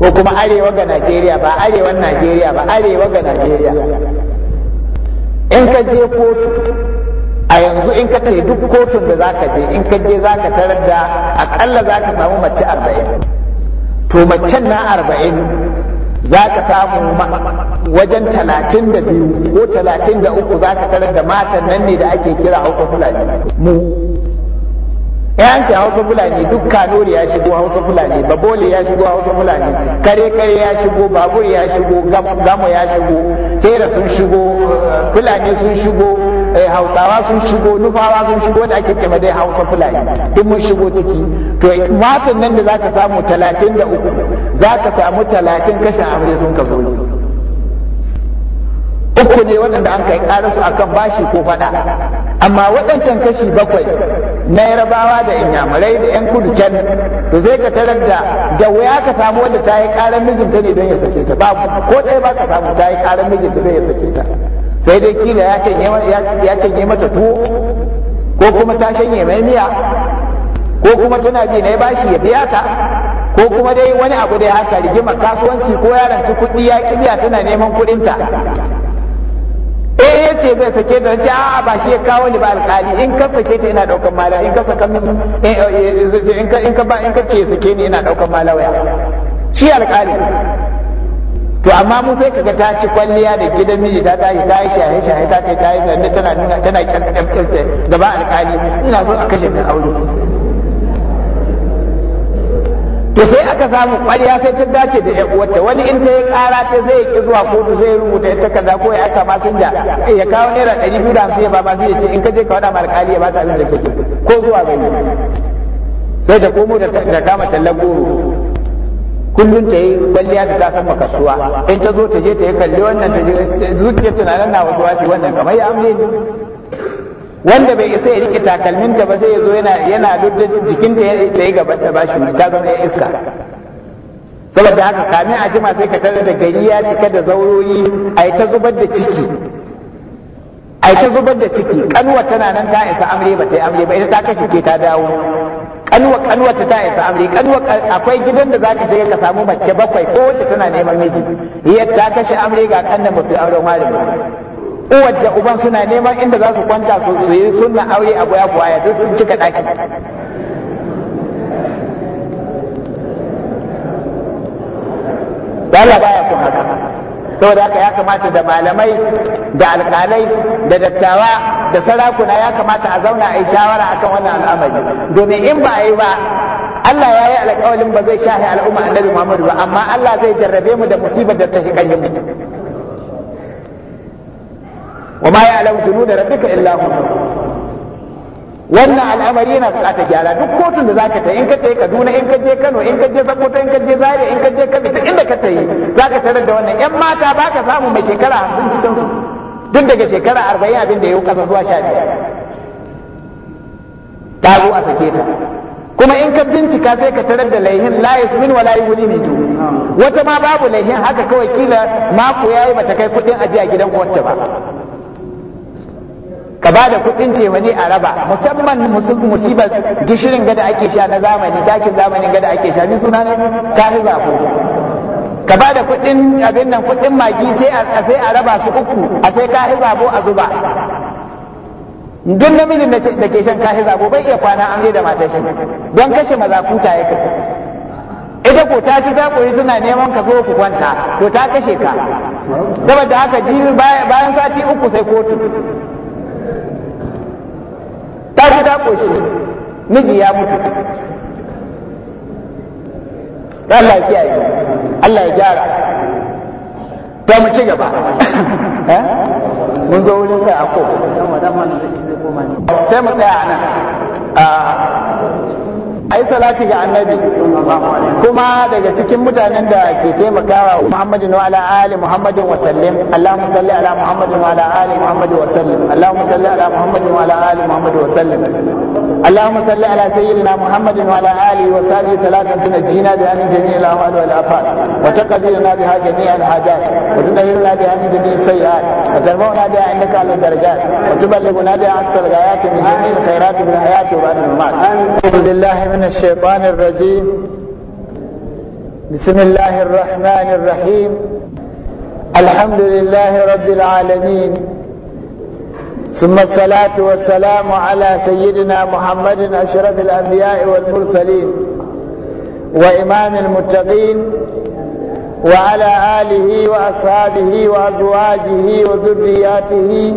ko kuma arewa ga najeriya ba arewan najeriya ba arewa ga najeriya in ka je kotu a yanzu in ka tafi duk kotun da zaka je in ka je zaka tarar da akalla zaka samu mace arba'in to macen na arba'in za ka samu wajen talatin da biyu ko talatin da uku za ka tarar da matan nan ne da ake kira hausa fulani mu yanci hausa fulani duk kanuri ya shigo hausa fulani babole ya shigo hausa fulani kare kare ya shigo babur ya shigo gamo ya shigo tera sun shigo fulani sun shigo eh, hausawa sun shigo nufawa sun shigo da ake kema dai hausa fulani duk mun shigo ciki to watan nan da zaka samu talatin da uku zaka samu talatin kashin amre sun ka zo uku ne waɗanda an kai karasu akan bashi ko fada amma waɗancan kashi bakwai na yarabawa da inyamurai da yan kudu can to zai ka tarar da da wuya ka samu wanda ta yi karar mijinta ne don ya sake ta babu ko ɗaya ba ka samu ta yi karar mijinta don ya sake ta sai dai kila ya canye mata tuwo ko kuma ta shanye mai miya ko kuma tana bi na bashi ya biya ta ko kuma dai wani abu da ya haka rigima kasuwanci ko yaranci kuɗi ya kibiya tana neman kuɗinta eh ya ce zai sake ta ce a ba shi ya kawo ni ba alkali in ka sake ta ina daukan mala in ka saka min in ka in ka ba in ka ce sake ni ina daukan mala waya shi alkali to amma mu sai kaga ta ci kwalliya da gidan miji ta tashi ta yi shaye shaye ta kai ta yi zanne tana nuna tana kyan kyan gaba alkali ina so a kashe mai aure to sai aka samu ƙwarya sai ta dace da uwarta wani in ta yi kara ta zai ki zuwa kotu zai rubuta ita kaza ko ya aka masinja eh, ya kawo naira ɗari biyu da hamsin ya ba zai ce in ka je ka wada ma alƙali ya ba ta abin da ke ko zuwa bai sai ta komo da kama tallan goro kullum ta yi kwalliya ta ta makasuwa in ta zo ta je ta yi kalli wannan ta je zuciyar tunanin na wasu wasi wannan kamar ya amle ne wanda bai isa ya rike takalminta ba sai ya zo yana yana dudda jikinta ya yi gaba ta bashi ta zama ya iska saboda haka kamin a jima sai ka tare da gari ya cika da zauroyi a ta zubar da ciki a ta zubar da ciki kanwa tana nan ta isa amre ba ta yi amre ba ita ta kashe ke ta dawo kanwa kanwa ta isa amre kanwa akwai gidan da zaka shiga ka samu mace bakwai ko wacce tana neman miji iya ta kashe amre ga kan da musu auren malami uwar uban suna neman inda za su kwanta su yi sunna aure a baya baya duk sun cika daki Allah baya son haka saboda haka ya kamata da malamai da alkalai da dattawa da sarakuna ya kamata a zauna a yi shawara a kan wannan al'amari domin in ba a yi ba Allah ya yi alƙawalin ba zai shahi al'umma annabi Muhammadu ba amma Allah zai jarrabe mu da musibar da ta shi mu wa ma ya'lamu junuda rabbika illa hu wannan al'amari yana bukatar gyara duk kotun da zaka ta in ka ta'i Kaduna in ka je Kano in ka je Sokoto in ka je Zaria in ka je Kano, duk inda ka tayi zaka tarar da wannan yan mata baka samu mai shekara 50 cikin su duk daga shekara 40 abin da yau kasa zuwa 15 ta zo a sake ta kuma in ka bincika sai ka tarar da laihin la yasmin wala la yughni min ju wata ma babu laihin haka kawai kila mako yayi bata kai kudin ajiya gidan uwarta ba ka ba da kuɗin wani a raba musamman musibar gishirin gada ake sha na zamani takin zamanin gada ake sha ni suna ne kafi zafo ka ba da kuɗin abin nan kuɗin magi sai a raba su uku a sai ka kafi zafo a zuba duk namijin da ke shan kashi zabo bai iya kwana an da matar shi don kashe mazakuta ya kai ita ko ta ci ta koyi tana neman ka zo ku kwanta to ta kashe ka saboda haka ji bayan sati uku sai kotu ta ji ta koshi miji ya mutu Allah ya kiyaye Allah ya gyara to mu ci gaba eh? mun zo wurin kai ako sai mu tsaya a nan ah. ai salati ga annabi kuma daga cikin mutanen da ke taimakawa muhammadin wa ala ali muhammadin wa sallim allahumma salli ala muhammadin wa ala ali muhammadin wa sallim allahumma salli ala muhammadin wa ala ali muhammadin wa sallim اللهم صل على سيدنا محمد وعلى اله وصحبه صلاه تنجينا بها من جميع الاهوال والافات وتقضي لنا بها جميع الحاجات وتطهرنا بها من جميع السيئات وترفعنا بها عندك على الدرجات وتبلغنا بها اقصى الغايات من جميع الخيرات في الحياه وبعد الممات اعوذ بالله من من الشيطان الرجيم بسم الله الرحمن الرحيم الحمد لله رب العالمين ثم الصلاة والسلام على سيدنا محمد أشرف الأنبياء والمرسلين وإمام المتقين وعلى آله وأصحابه وأزواجه وذرياته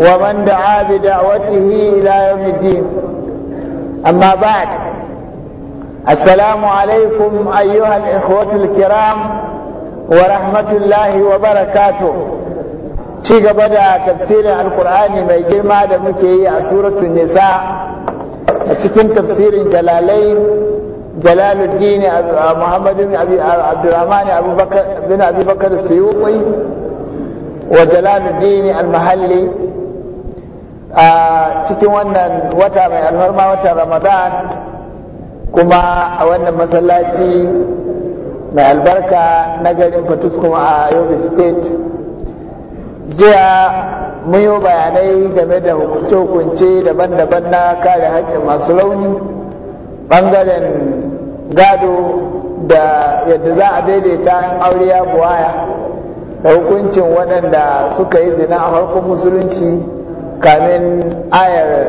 ومن دعا بدعوته إلى يوم الدين أما بعد السلام عليكم أيها الإخوة الكرام ورحمة الله وبركاته تيجا بدأ تفسير القرآن ما يجر ما سورة النساء أتكن تفسير جلالين جلال الدين محمد بن أبي عبد الرحمن أبو بكر بن أبي بكر السيوطي وجلال الدين المحلي a cikin wannan wata mai alfarma wata ramadan kuma a wannan masallaci mai albarka na garin kuma a yobe state jiya mun yi bayanai game da hukunce-hukunce daban-daban na kare haƙƙin masu launi, ɓangaren gado da yadda za a daidaita aure ya buwaya da hukuncin waɗanda suka yi zina a harkar musulunci kamin ayar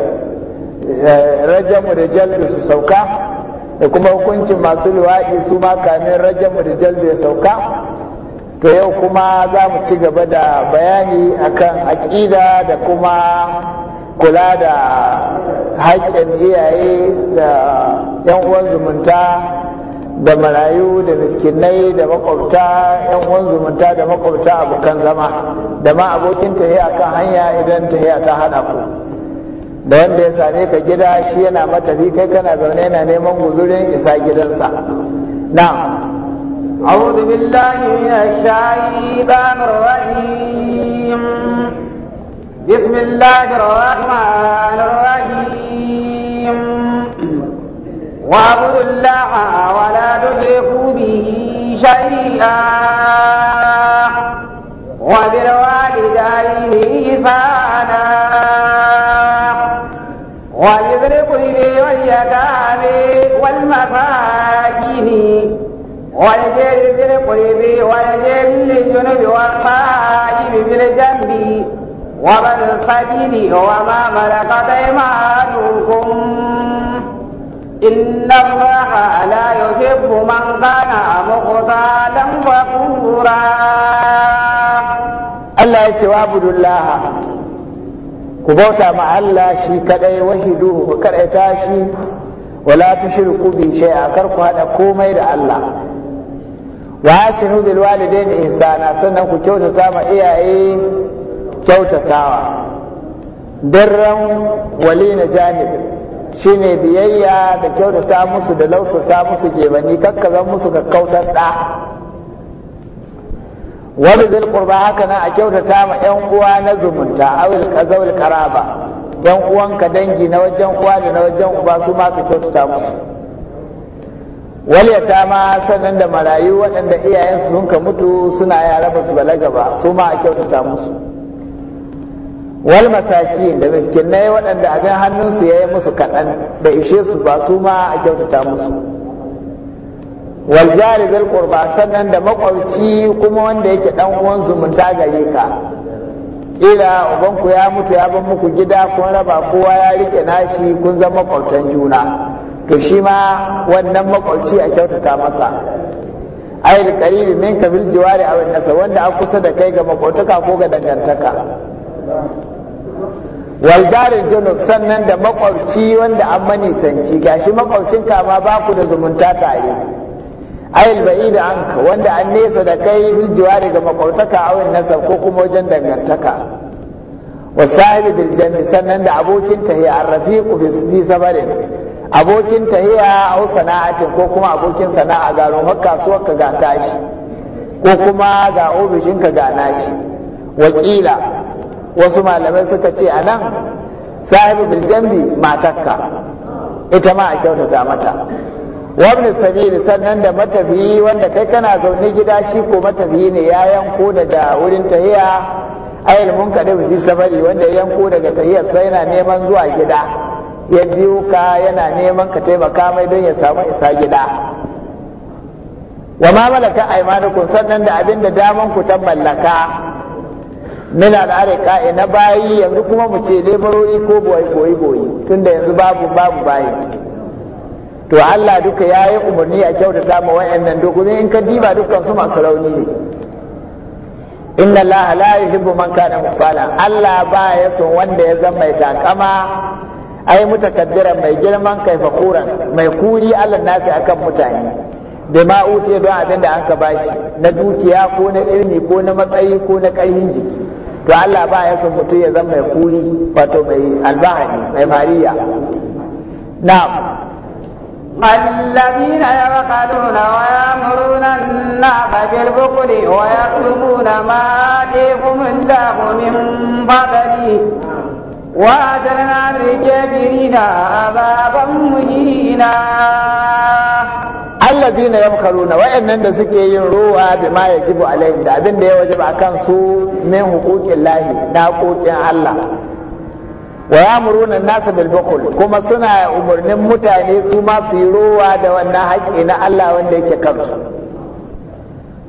eh, rajamu da jalbi su sauka da kuma hukuncin masu luwaɗi su ma kamin rajamu da jalbi sauka to yau kuma za mu ci gaba da bayani akan aƙida da kuma kula da haƙƙin iyaye da 'yan uwan zumunta da marayu da miskinai da makwabta yan uwan zumunta da makwabta abokan zama da ma abokin tahiya kan hanya idan tahiya ta hada ku da wanda ya same ka gida shi yana matafi kai kana zaune yana neman guzurin isa gidansa na أعوذ بالله من الشيطان الرجيم بسم الله الرحمن واعبدوا الله ولا تشركوا به شيئا وبالوالدين إحسانا وبذي واليتامى والمساكين والجير ذي القرب والجير الجنب والقائم بالجنب ومن السبيل وما ملكت أيمانكم Ilan mahala a mako zalun fafura. Allah ya ce wabudulLlaha ku bauta ma Allah shi kadai wani ku kadai tashi wala ta shiru kumin kar ku haɗa komai da Allah. Zahra Sunmi ne walidai da sannan ku kyautata ma iyaye kyautatawa. Durar Walina Jami'in. Shi ne biyayya da kyautata musu da lausasa musu gebani kakkazan musu kakkausar ɗa wani zai kurba haka na, a kyautata ma yan uwa na zumunta awil kazawil karaba yan uwanka dangi na wajen uwa da na wajen uba su ma ka kyautata musu waliyata ma sannan da marayu waɗanda iyayensu sun ka mutu suna yara ba su balaga ba su ma a kyautata musu wal da miskinai waɗanda abin hannunsu ya yi musu kaɗan da ishe su ba su ma a kyautata musu wal zai zal sannan da makwabci kuma wanda yake ɗan uwan zumunta gare ka kila ubanku ya mutu ya ban muku gida kun raba kowa ya rike nashi kun zama makwabtan juna to shi ma wannan makwabci a kyautata masa ayil min minka fil jiwari aw nasa wanda a kusa da kai ga makwautuka ko ga dangantaka Waljarin junub sannan da makwabci wanda an manisanci gashi makwabcin ka ma ba ku da zumunta tare ayil ba'i da anka wanda an nesa da kai bil jiwari ga a wani nasab ko kuma wajen dangantaka wa sahibi bil janni sannan da abokin tahiya rafiqu bi sabarin abokin tahiya au sana'atin ko kuma abokin sana'a ga rumar kasuwar ka ga tashi ko kuma ga ofishin ka ga nashi wakila wasu malamai suka ce a nan sahibu biljambi matakka ita ma a kyautata mata wabni sabili sannan da matafiyi wanda kai kana zaune gida shi ko matafiyi ne ya yanko daga wurin tahiya mun kaɗe fi safari wanda ya yanko daga tahiyar sai yana neman zuwa gida ya biyo ka yana neman ka taimaka mai don ya samu isa gida wa ma malaka sannan da abin da daman ku ta mallaka muna da ka'i na bayi yanzu kuma mu ce lebarori ko boyi boyi boyi tunda yanzu babu babu bayi to Allah duka ya yi umarni a kyautata ma wayannan dokoki in ka diba dukkan su masu rauni ne inna Allah la yuhibbu man kana mufala Allah ba ya son wanda ya zama mai takama ai mutakabbiran mai girman kai fakuran mai kuri Allah nasi akan mutane da ma don abin da ka bashi na dukiya ko na ilmi ko na matsayi ko na ƙarfin jiki to Allah ba ya son mutum ya zama mai kuri wato mai albahani mai fariya na'am الذين يبخلون ويأمرون الناس بالبخل ويكتمون ما آتيهم الله من فضله وأعتدنا للكافرين عذابا مهينا allazina yamkaruna wa'annan da suke yin ruwa bi ma yajibu alaihim da abin da ya wajaba akan su min huquqin lahi na hukukin Allah wa yamuruna nasa bil bukhl kuma suna umurnin mutane su ma su yi ruwa da wannan haƙƙi na Allah wanda yake kansu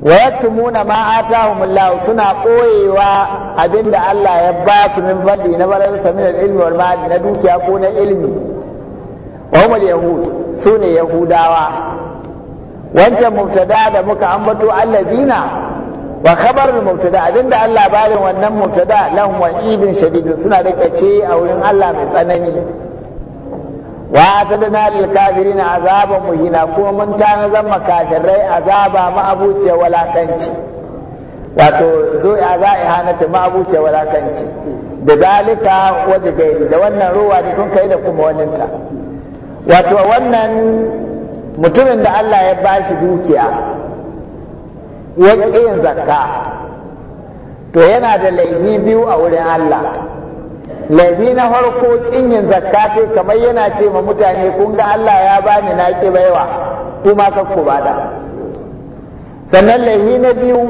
wa yatumuna ma Allah suna koyewa abinda Allah ya ba su min fadi na balarsa samin ilmi wal ma'ad na dukiya ko na ilmi wa hum al yahud sune yahudawa wancan mubtada da muka ambato allazina wa khabarul mubtada abinda Allah bari wannan mubtada lahum wa ibn shadid suna da kace a wurin Allah mai tsanani wa atadna lil kafirin azaban muhina kuma mun na zama kafirai azaba ma'abuciya walakanci wato zo azai hanata ma'abuciya walakanci da dalika wajen gairi da wannan ruwa da sun kai da kuma ta wato wannan mutumin da Allah ya ba shi dukiya ya yin zakka to yana da laifi biyu a wurin Allah laifi na farko ƙin yin zakka ce kamar yana ce ma mutane kun ga Allah ya bani na ki baiwa kuma ka bada sannan laifi na biyu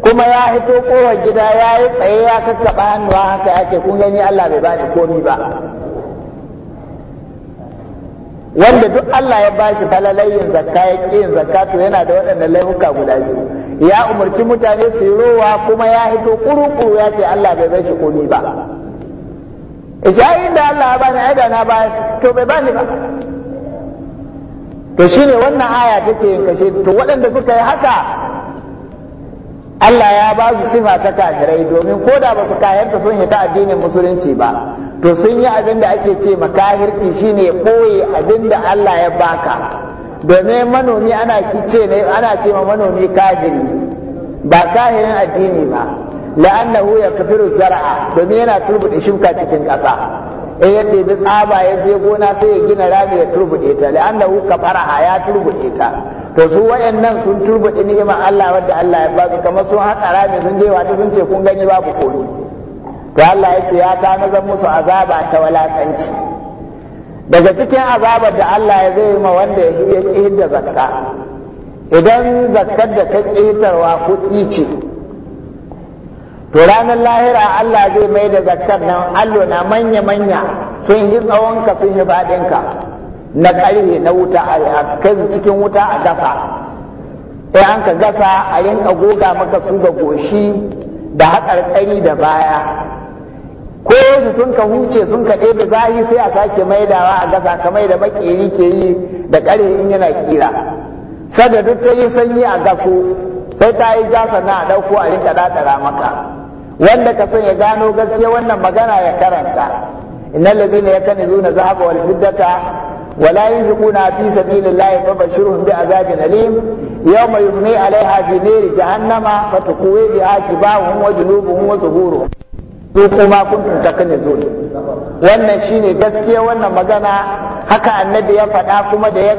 kuma ya fito kowar gida ya yi tsaye ya kakkaɓa hannuwa haka ya ce kun gani Allah bai bani komi ba wanda duk Allah ya bashi falalayin zakka ya ƙi yin zakka to yana da waɗannan laifuka guda biyu ya umarci mutane su yi rowa kuma ya hito kuru-kuru ya ce Allah bai bashi komi ba yayin da Allah ya bani aida na ba to bai bani ba to shine wannan aya take yin kashe to waɗanda suka yi haka Allah ya ba su sifa ta kafirai domin ko da ba su kahirta sun hita addinin musulunci ba to sun yi abin da ake ce ma makahirci shine koyi abin da Allah ya baka domin manomi ana ce ne ana ce ma manomi kafiri ba kahirin addini ba la'annahu yakfiru zara'a, domin yana turbuɗe shuka cikin ƙasa e ya bi tsaba ya je gona sai ya gina rami ya turbuɗe ta li'annahu kafaraha ya turbuɗe ta to su wayannan sun turbuɗe ni'imar Allah wadda Allah ya basu kamar sun haƙa rami sun je wata sun ce kun gani babu komi to Allah ya ce ya ta nazar musu azaba ta walakanci daga cikin azabar da Allah ya zai ma wanda ya ƙi da zakka idan zakkar da ka ƙetarwa kuɗi ce to ranar lahira Allah zai mai da zakkar nan allo na manya-manya sun yi tsawonka sun yi faɗinka na ƙarhe na wuta a kai cikin wuta a gasa sai an ka gasa a rinka goga maka su ga goshi da haƙarƙari da baya ko su sun ka huce sun ka ɗebe zahi sai a sake maidawa a gasa kamar da maƙeri ke yi da ƙarhe in yana ƙira sada duk ta yi sanyi a gaso sai ta yi jasa na a ɗauko a rinka ɗaɗara maka wanda ka son ya gano gaskiya wannan magana ya karanta innal ladzina yakunzuna zahaba wal fiddata ولا ينفقون في سبيل الله فبشرهم بعذاب أليم يوم يغني عليها في نير جهنم فتكوي wa جباههم وجنوبهم kuma ko ma kuntum zo wannan shine gaskiya wannan magana haka annabi ya faɗa kuma da ya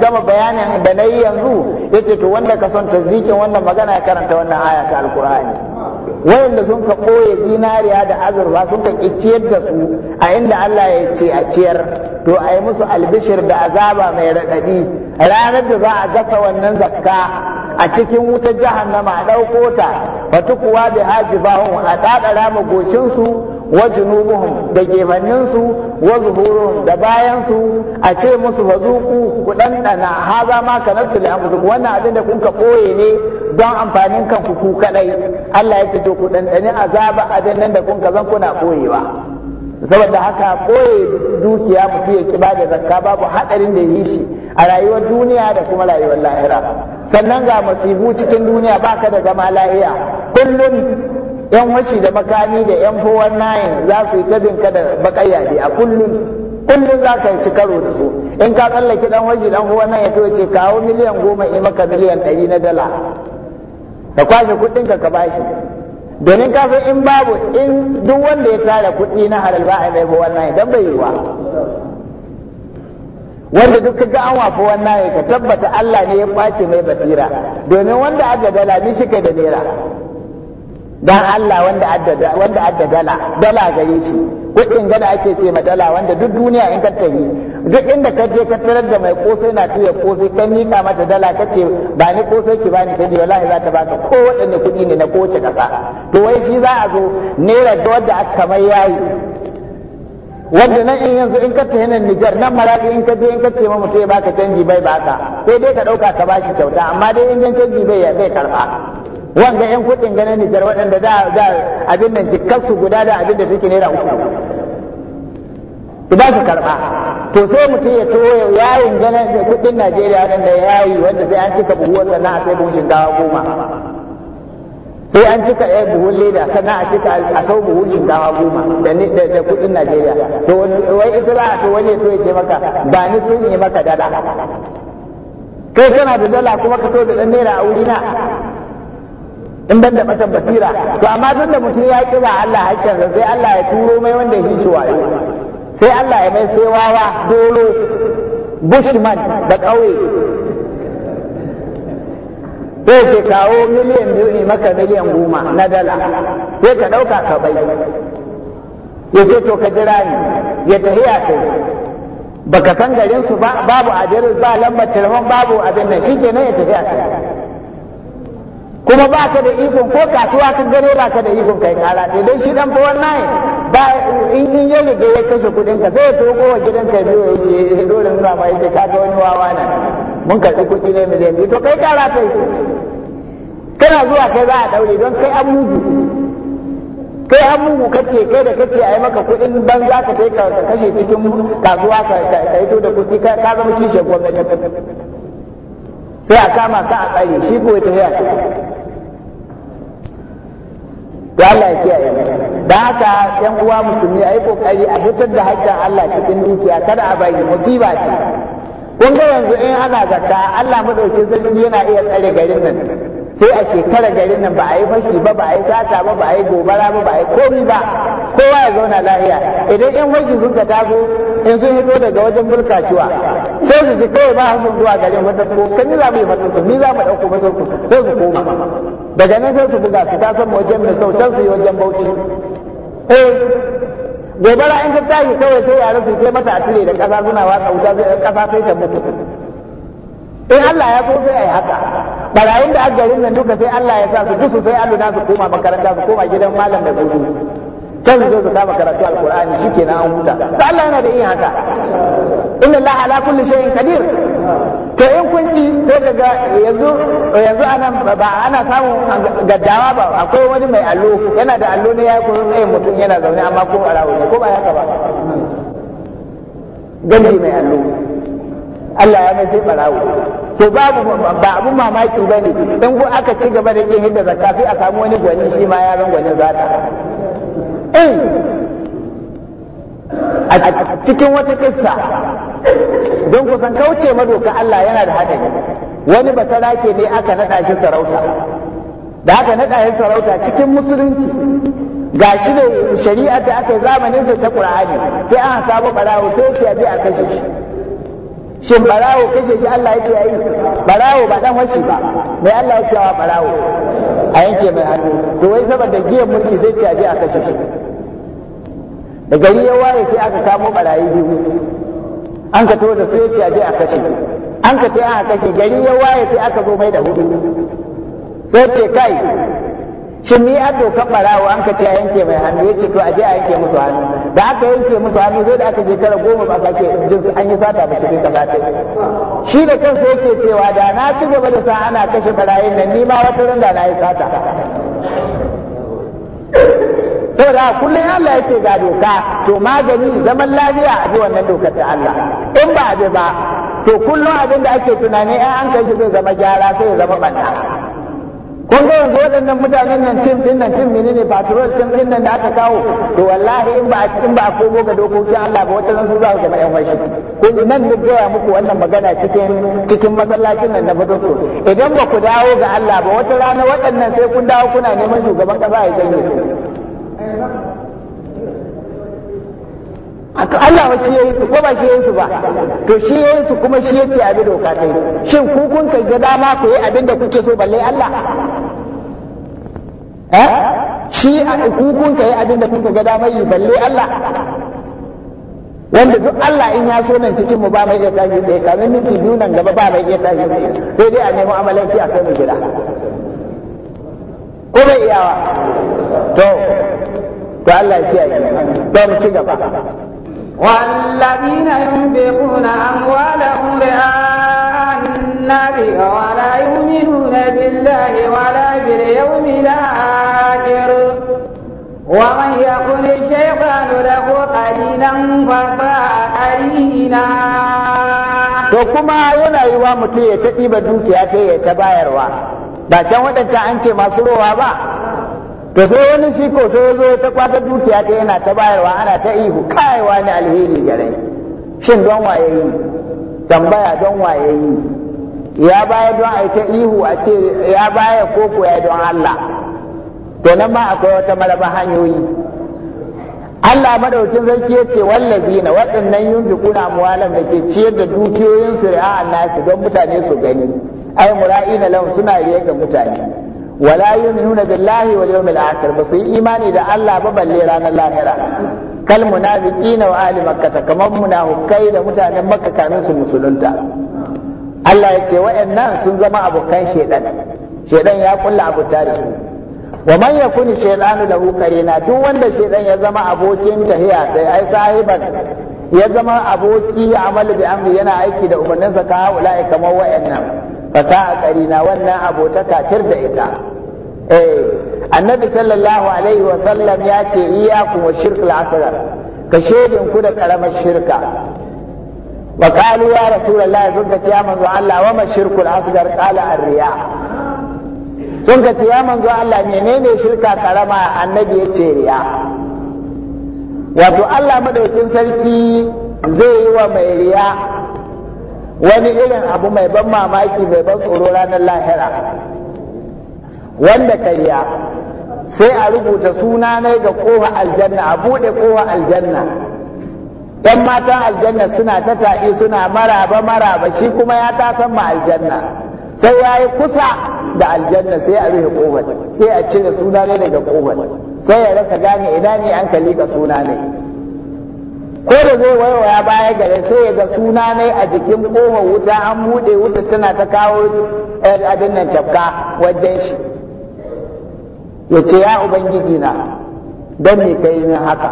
gama bayanin da nayi yanzu yace to wanda ka son tazikin wannan magana ya karanta wannan aya ta alqur'ani wayanda sun ka ɓoye zinariya da azurfa sun ka ciyar da su a inda Allah ya ce a ciyar to a yi musu albishir da azaba mai raɗaɗi ranar da za a gasa wannan zakka a cikin wutar jahannama a ɗauko ta batu kuwa da haji bahu a ɗaɗara ma goshinsu wa junubuhum da su wa zuhuruhum da bayansu a ce musu fazuku ku ɗanɗana haza ma kanattu li anfusikum wannan abin da kun ka ne don amfanin kanku ku kadai Allah ya ce to ku ɗanɗani azaba abin nan da kun zan kuna boyewa saboda haka koye dukiya mutu ya kiba da zakka babu haɗarin da yi shi a rayuwar duniya da kuma rayuwar lahira sannan ga masibu cikin duniya baka da zama lahiya kullum yan washi da makami da yan fowar nayin za su yi tabin ka da bakayya ne a kullum kullum za ka ci karo da su in ka tsallake dan washi dan fowar nayin ya ce kawo miliyan goma in maka miliyan ɗari na dala ka kwashe kuɗin ka bashi domin ka san in babu in duk wanda ya tara kuɗi na halal ba a mai fowar nayin dan bai yi wa? wanda duk ga an wafi wannan ka tabbata Allah ne ya kwace mai basira domin wanda aka dala ni shi kai da naira dan Allah wanda adda wanda adda dala dala gare shi kuɗin gada ake ce ma dala wanda duk duniya in ka tafi duk inda ka je ka tarar da mai kosai na tuya kosai ka mika mata dala ka ce ba ni kosai ki bani sai wallahi za ta baka ko waɗanne kuɗi ne na kowace ƙasa to wai shi za a zo naira da wanda aka kamar yayi wanda nan in yanzu in ka tafi nan Nijar nan maraki in ka je in ka ce ma mutum ya baka canji bai baka sai dai ka ɗauka ka bashi kyauta amma dai in canji bai bai karɓa wanga yan kuɗin ganin Nijar waɗanda da da abin nan cikkarsu guda da abin da take naira uku idan su karɓa to sai mutum ya to yayin ganin da kuɗin Najeriya waɗanda yi wanda sai an cika buhuwar sana'a sai buhun shinkawa goma sai an cika ɗaya buhun leda sannan a cika a sau buhun shinkawa goma da kudin kuɗin Najeriya to wai ita za a to wani to ya ce maka ba ni sun yi maka dada kai kana da dala kuma ka to da ɗan naira a wurina in ban da batan basira to amma duk da mutum ya ƙi ba Allah sa, sai Allah ya turo mai wanda ya shi wayo sai Allah ya mai sai wawa dolo bushman da ƙauye sai ce kawo miliyan biyu ne maka miliyan goma na dala sai ka ɗauka ka bai ya ce to ka jira ni ya tahiya kai baka san garinsu ba babu adiris ba lambar telefon babu abin nan kenan ya tafi a kai kuma ba ka da ikon ko kasuwa ka gano ba ka da ikon kai kala ne don shi dan fa wannan ba in in ya rige ya kashe kudin ka sai ya toko wa gidan ka biyo ya ce eh, dole nuna ma k'a kaga wani wawa na mun karbi kudi ne miliyan biyu to kai kala kai kana zuwa kai za a daure don kai an mugu kai an mugu kace kai da kace ai maka kudin ban za ka kai ka kashe cikin kasuwa ka yi to da kudi ka zama kishin gwamnati sai a kama ka a tsare shi ko a cikin. to Allah ya kiyaye da haka yan uwa musulmi ayi kokari a hitar da haƙƙin Allah cikin dukiya kada a bayi musiba ce kun ga yanzu in ana zakka Allah madaukin sarki yana iya tsare garin nan sai a shekara garin nan ba a yi fashi ba ba a yi sata ba ba a yi gobara ba ba a yi komi ba kowa ya zauna lahiya idan yan fashi sun ka taso in sun hito daga wajen burkaciwa sai su ji kawai ba su zuwa garin matarko kan ni za mu yi matarko ni za mu ɗauko matarko sai su koma daga nan sai su buga su kasan wajen da saucan su yi wajen bauchi eh gobara in ta tashi kawai sai yaran su kai mata a tire da kasa suna watsa wuta sai kasa sai ta mutu in Allah ya so sai ai haka barayin da garin nan duka sai Allah ya sa su dusu sai alluna su koma makaranta su koma gidan malam da guzu can su zo su kama karatu alqur'ani shikenan an huta to Allah yana da yin haka inna Allah ala kulli shay'in qadir to in kun ki sai ka ga yanzu yanzu anan ba ana samu gaddawa ba akwai wani mai allo yana da allo ne ya kuma tsaye mutum yana zaune amma ko rawo ne ko ba haka ba gandi mai allo Allah ya mai sai barawo to babu ba abun mamaki ba ne in ko aka ci gaba da yin hidda zakka sai a samu wani gwani shi ma ya zan gwanin zata eh a cikin wata kissa don kusan kauce madoka Allah yana da haɗari wani basarake ne aka naɗa shi sarauta da aka naɗa shi sarauta cikin musulunci ga shi ne shari'ar da aka yi zamanin sa ta Qur'ani sai an samu barawo sai ya ce a kashe shi shin barawo kashe shi Allah ya yi? yayi barawo ba dan washi ba mai Allah ya ce barawo a yanke mai hannu to wai saboda giyan mulki zai ce a je a kashe shi da gari ya waye sai aka kamo barayi biyu an ka da su yace aje a kashe an ka tai aka kashe gari ya waye sai aka zo mai da hudu sai ce kai shin ni a doka barawo an ka ce a yanke mai hannu yace to aje a yanke musu hannu da aka yanke musu hannu sai da aka je kara goma ba sake jin an yi sata ba cikin kasa ta shi da kansa yake cewa da na ci gaba da sa ana kashe barayin nan ni ma wata randa na yi sata saboda kullum Allah ya ce ga doka to magani zaman lafiya a bi wannan dokar ta Allah in ba a bi ba to kullum abin da ake tunani ai an kai shi zai zama gyara sai ya zama banna kun ga yanzu waɗannan mutanen nan tim din nan tim menene patrol tim din nan da aka kawo to wallahi in ba a komo ga dokokin Allah ba wata su za su zama yan fashi kun nan duk gaya muku wannan magana cikin masallacin nan da Badosko idan ba ku dawo ga Allah ba wata rana waɗannan sai kun dawo kuna neman shugaban kasa ya janye su to Allah wa shi yayin su ko ba shi yayin su ba to shi yayin su kuma shi yace abin doka yi. shin ku kun kai ga dama ku yi abin da kuke so balle Allah eh shi ku kun kai abin da kuke ga dama yi balle Allah wanda duk Allah in ya so nan cikin mu ba mai iya tashi dai kamin minti biyu nan gaba ba mai iya tashi tsaye sai dai a nemi amalanki a kai mu gida ko bai iyawa to da Allah ya kiyaye to mu ci gaba والذين ينفقون أموالهم رئاء النار ولا يؤمنون بالله ولا باليوم الآخر ومن يقل الشيطان له قليلا فساء قليلا To kuma yana yi wa mutum ya ta ɗiba dukiya ta ya ta bayarwa, ba can waɗancan an ce masu rowa ba, to sai wani shi ko sai ya zo ta kwata dukiya ta yana ta bayarwa ana ta ihu kai wani alheri gare shin don waye yi tambaya don waye yi ya baya don a ta ihu a ce ya baya ko ko ya don Allah to nan ma akwai wata maraba hanyoyi Allah madaukin sarki ya ce wallazina waɗannan kuna amwalan da ke ciyar da dukiyoyin su ri'a nasi don mutane su gani ai mura'ina lahum suna riya ga mutane wala yu'minuna billahi wal yawmil akhir ba su yi imani da Allah ba balle ranar lahira kal munafiqina wa ahli makkah kamar munafikai da mutanen maka kamin su musulunta Allah ya ce waɗannan sun zama abokan shedan shedan ya kulla abuta da su wa man yakuni shedanu lahu duk wanda shedan ya zama abokin tahiya tai ai sahiban ya zama aboki amalu bi amri yana aiki da umarninsa ka haulai kamar wayannan a karina wannan ta katir da ita eh annabi sallallahu alaihi wa sallam ya ce iya kuma shirkul asghar ka shedin ku da karamar shirka wa qalu ya rasulullahi sun ka ce ya manzo Allah wa ma shirkul asghar qala ar-riya sun ka ce ya manzo Allah menene shirka karama annabi ya ce riya wato Allah madaukin sarki zai yi wa mai riya wani irin abu mai ban mamaki mai ban tsoro ranar lahira wanda karya sai a rubuta suna ne ga kowa aljanna a buɗe kowa aljanna ɗan matan aljanna suna ta taɗi suna maraba maraba shi kuma ya ta san ma aljanna sai ya yi kusa da aljanna sai a rufe ƙofar sai a cire suna ne daga ƙofar sai ya rasa gane ina ne an ka suna ne ko da zai waiwaya baya gare sai ya ga suna ne a jikin ƙofar wuta an buɗe wuta tana ta kawo eh, abin nan cafka wajen shi ya ce ya ubangiji na don me ka yi min haka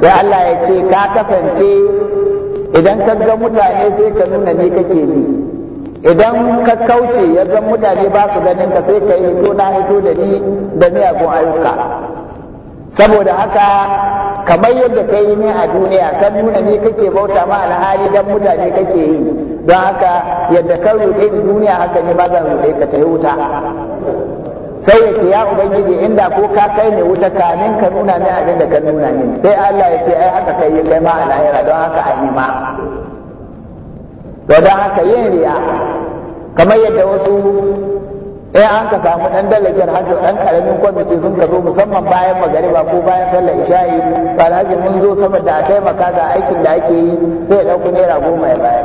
sai Allah ya ce ka kasance idan ka ga mutane sai ka nuna ni kake bi idan ka kauce ya zan mutane ba su ganin ka sai ka yi hito na hito da ni da miyagun ayyuka saboda haka kamar yadda ka yi ne a duniya ka nuna ne kake bauta ma alhali dan mutane kake yi don haka yadda ka ruɗe duniya haka ne ba zan ruɗe ka ta yi wuta sai ya ce ya ubangiji inda ko ka kai ne wuta kamin ka nuna min abin da ka nuna min sai Allah ya ce ai haka kai kai ma a lahira don haka a ma, to don haka yin riya kamar yadda wasu in eh, an ka samu dan dalajar hajjo dan karamin kwamiti sun ka zo musamman bayan magariba ko bayan sallar isha'i ba alhaji mun zo saboda a taimaka ga aikin da ake yi sai a dauki naira goma ya bayar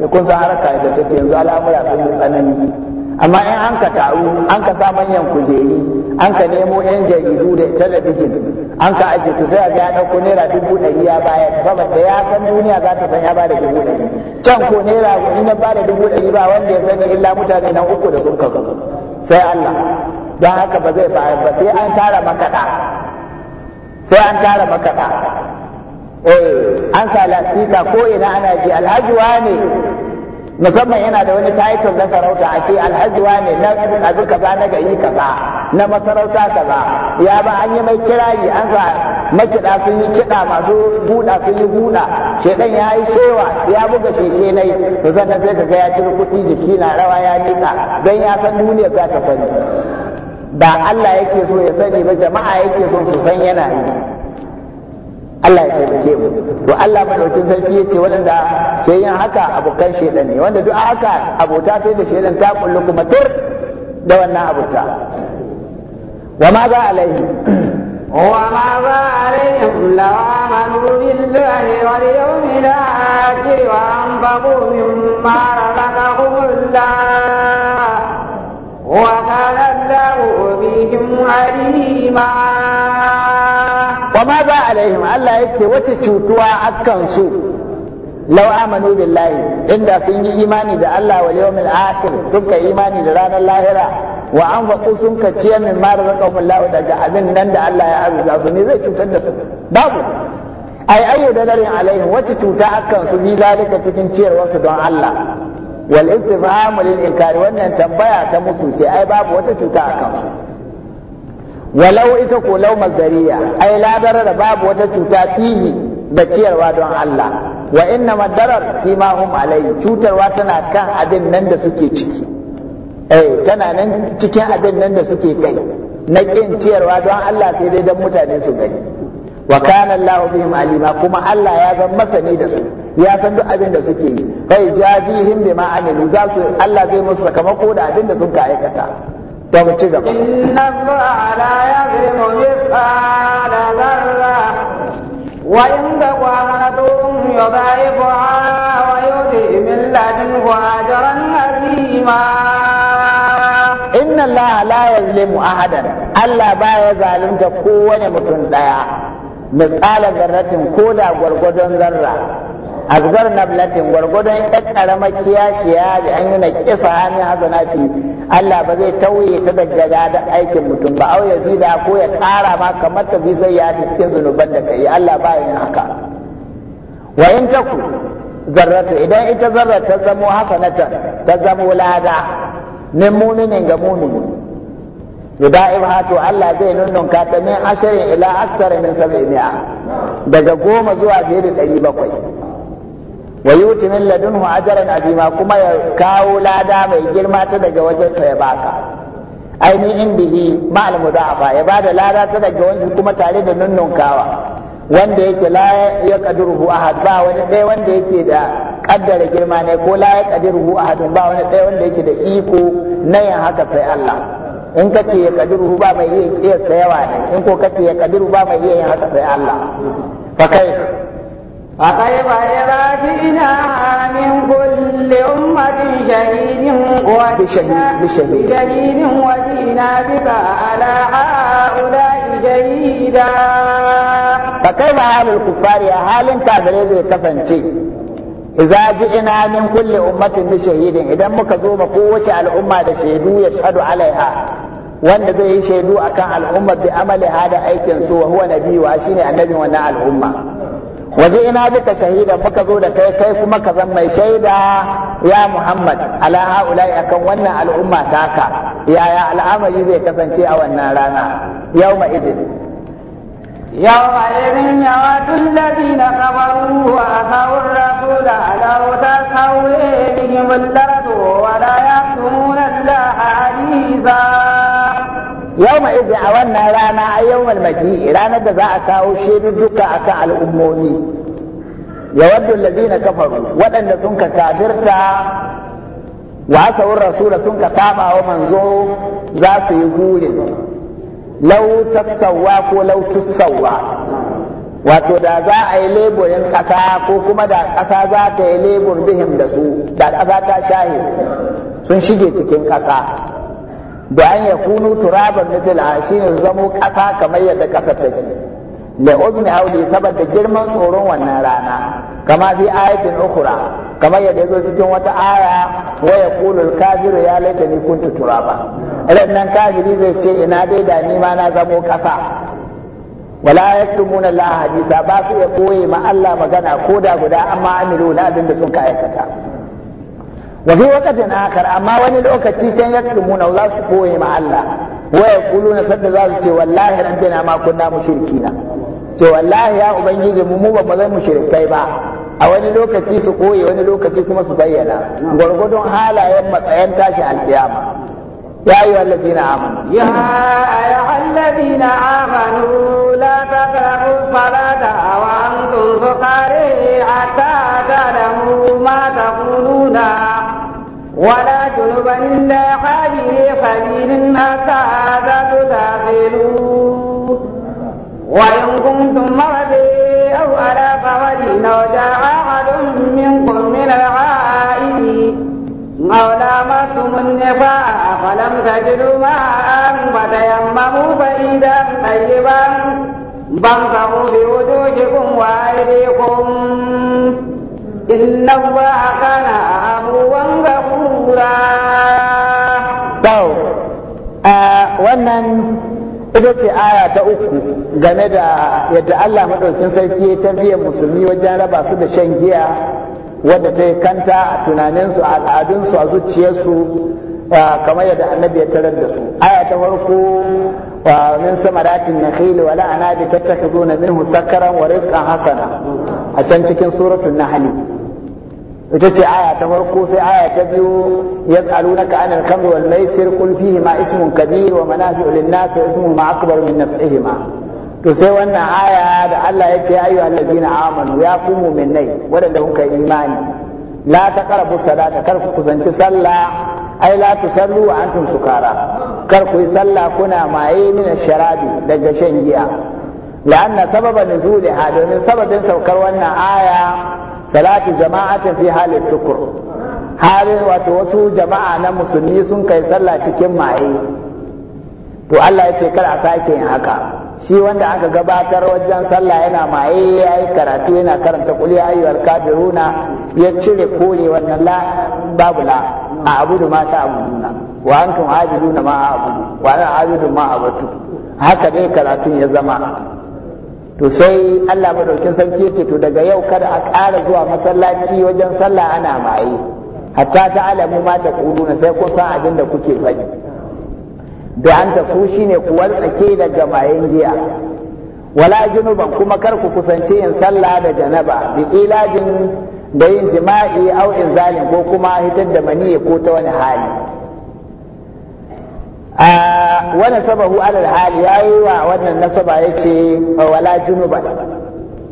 to eh, kun san harka da ta yanzu al'amura sun yi tsanani amma in an ka taru an ka sa manyan kujeri an ka nemo yan jaridu da talabijin an ka aje to sai a ga ya ɗauko naira dubu ɗari ya bayar saboda ya san duniya za ta san ya da dubu ɗari can ko naira in ya da dubu ɗari ba wanda ya sani illa mutane na uku da sun zo sai Allah don haka ba zai bayar ba sai an tara makaɗa sai an tara makaɗa eh an sa lasfika ko ina ana ji alhaji ne. musamman yana da wani title na sarauta a ce alhajiwa ne na abin kaza na gari kaza na masarauta kaza ya ba an yi mai kirari an sa makiɗa sun yi kiɗa masu buɗa sun yi buɗa shedan ya yi shewa ya buga sheshe nai to sannan sai ka ga ya cire kuɗi jiki na rawa ya miƙa don ya san duniya za ta sani ba Allah yake so ya sani ba jama'a yake so su san yana yi Allah ya taimake mu to Allah madaukin sarki yace waɗanda ke yin haka abokan shedan ne wanda duk haka abota ta da shedan ta kullu kuma tur da wannan abota, wa ma za alaihi wa ma za alaihim law amanu billahi wal yawmil akhir wa anfaqu mimma razaqahumullah wa kana Allahu bihim alima wa ma za Allah ya ce wace cutuwa akan su law amanu billahi inda sun yi imani da Allah wal min akhir sun ka imani da ranar lahira wa anfaqu sun ka ciye min ma razaqahumullahu daga abin nan da Allah ya azza su ne zai cutar da su babu ai ayyu da darin alaihim wace cuta akan su bi zalika cikin ciyar wasu don Allah wal istifhamu lil inkari wannan tambaya ta mutu ce ai babu wata cuta akan su walau ita ko lau mazdariya ai la da babu wata cuta fihi da ciyarwa don Allah wa inna madarar fi ma hum alai cutarwa tana kan abin nan da suke ciki eh tana nan cikin abin nan da suke kai na kin ciyarwa don Allah sai dai don mutane su gani wa kana Allahu bihim alima kuma Allah ya zan masani da su ya san duk abin da suke yi kai jazihim bima amilu za su Allah zai musu sakamako da abin da sun ka aikata da mu ci gaba inna allaha la yadhlimu mithqala dharra wa in taqwa hadatun yudha'ifuha wa yuti min ladunhu jiran azima inna allaha la yadhlimu ahadan allah baya zalunta kowane mutum daya mithqala dharratin ko da gwargwadon zarra asgar nablatin gwargwadon yan karamar kiyashiya da an yi na kisa an hasanati Allah ba zai tauye ta daga da aikin mutum ba au ya zida ko ya ƙara ma kamar ta bi sai ya ta cikin zunuban da kai Allah ba yin haka wa in taku zarratu idan ita zarra ta zamo hasanatan ta zamo lada min muminin ga mumini yuda'ib hatu Allah zai nunnunka ta min ashirin ila aksara min sab'i daga goma zuwa fiye da ɗari bakwai wa yuti min ladunhu ajran azima kuma ya kawo lada mai girma ta daga wajen sa ya baka ainihin bihi ma'al mudafa ya bada lada ta daga wajen kuma tare da nunnunkawa wanda yake la ya kadiruhu ahad ba wani ɗaya wanda yake da kaddara girma ne ko la ya kadiruhu ahad ba wani ɗaya wanda yake da iko na yin haka sai Allah in ka ce ya kadiru ba mai iya kiyasta yawa ne in ko ka ce ya kadiru ba mai iya yin haka sai Allah fa kai فكيف إذا جئنا من كل أمة شهيد بشهيد وجئنا بك على هؤلاء شهيدا فكيف حال الكفار يا حال كافر زي كفنتي إذا جئنا من كل أمة بشهيد إذا مكزوم قوة الأمة شهدوا يشهد عليها wanda zai yi shaidu akan al'umma bi amali hada aikin su wa huwa nabiyyu shine annabi wannan al'umma waje ina bika shahida muka zo da kai kai kuma ka zan mai shaida ya muhammad ala haulai akan wannan al'umma taka yaya al'amari zai kasance a wannan rana yau ma idin يومئذ da الذين كفروا وأتوا الرسول mun تسهل wa da ya يكتمون الله عزيزا yawma idin a wannan rana a yau maki ranar da za a kawo shaidu duka akan al'ummomi ya waddu na kafaru waɗanda sun ka kafirta wa rasula sun ka saba wa manzo za su yi gurin lau tasawwa ko lau tusawwa wato da za a yi leburin ƙasa ko kuma da ƙasa za ta yi lebur bihim da su da ƙasa ta shahe sun shige cikin ƙasa da an ya kunu turaban a shine su zamo ƙasa kamar yadda ƙasa take la uzmi auli saboda girman tsoron wannan rana kama fi ayatin ukhra kamar yadda yazo cikin wata aya wa yaqulul kafiru ya laitani kuntu turaba nan kafiri zai ce ina dai da ni ma na zamo ƙasa wala yaktumuna la hadisa ba su ya koye ma Allah magana koda guda amma amilu na abin da sun ka aikata wa fi waqtin akhar amma wani lokaci can yaktumuna za su koye ma Allah wa Kulu na sanda su ce wallahi rabbina ma kunna mushrikina ce wallahi ya ubangiji mu mu ba mu zai mushrikai ba a wani lokaci su koye wani lokaci kuma su bayyana gwargwadon halayen matsayin tashi alkiyama يا أيها الذين آمنوا يا أيها الذين آمنوا لا تقربوا الصلاة وأنتم سكاري حتى تعلموا ما تقولون ولا جنبا إلا عابري سبيل حتى هذا تغتسلوا وإن كنتم مرضي أو على سفر أو جاء أحد منكم من العائل أو لامستم النساء فلم تجدوا ماء فتيمموا سيدا طيبا فامسحوا بوجوهكم وأيديكم إن الله كان عفوا wannan ita ce aya ta uku game da yadda Allah maɗaukin sarki ya biyan musulmi wajen raba su da shan giya wadda ta yi kanta a tunaninsu a al'adunsu a zuciyarsu kamar yadda annabi ya tarar da su aya ta farko wa min samaratin nakhil wa la'ana bi tattakhiduna minhu sakaran wa rizqan hasana a can cikin Suratun na hali. ita ce aya ta farko sai aya ta biyu ka anil khamri wal mai qul fihi ma ismun kabir wa manafi'u lin nas wa ma akbar min to sai wannan aya da Allah ya ce ayu allazina amanu ya ku mu'minai wadanda kuka imani la taqrabu salata kar ku kusanci sallah ai la tusallu wa antum sukara kar ku yi sallah kuna maye min sharabi daga shan giya la'anna sababan nuzuliha domin sababin saukar wannan aya salatu jama'atin fi hali sukur halin wato wasu jama'a na musulmi sun kai sallah cikin maye to Allah ya ce kar a sake yin haka shi wanda aka gabatar wajen sallah yana maye yayi karatu yana karanta kuli ayyuwar kafiruna ya cire kore wannan la babu la a abudu ma ta abuduna wa antum abiduna ma abudu wa ana abudu ma abatu haka dai karatun ya zama to sai Allah madaukin sarki ce to daga yau kada a ƙara zuwa masallaci wajen sallah ana maye hatta ta alamu ma ta na sai kun san abin da kuke faɗi da an ta su shine ku wartsake daga mayen giya wala junuban kuma kar ku kusance yin sallah da janaba bi ilajin da yin jima'i au in inzalin ko kuma hitar da maniyi ko ta wani hali wani sabahu alal hali ya yi wa wannan nasaba ya ce wala junuba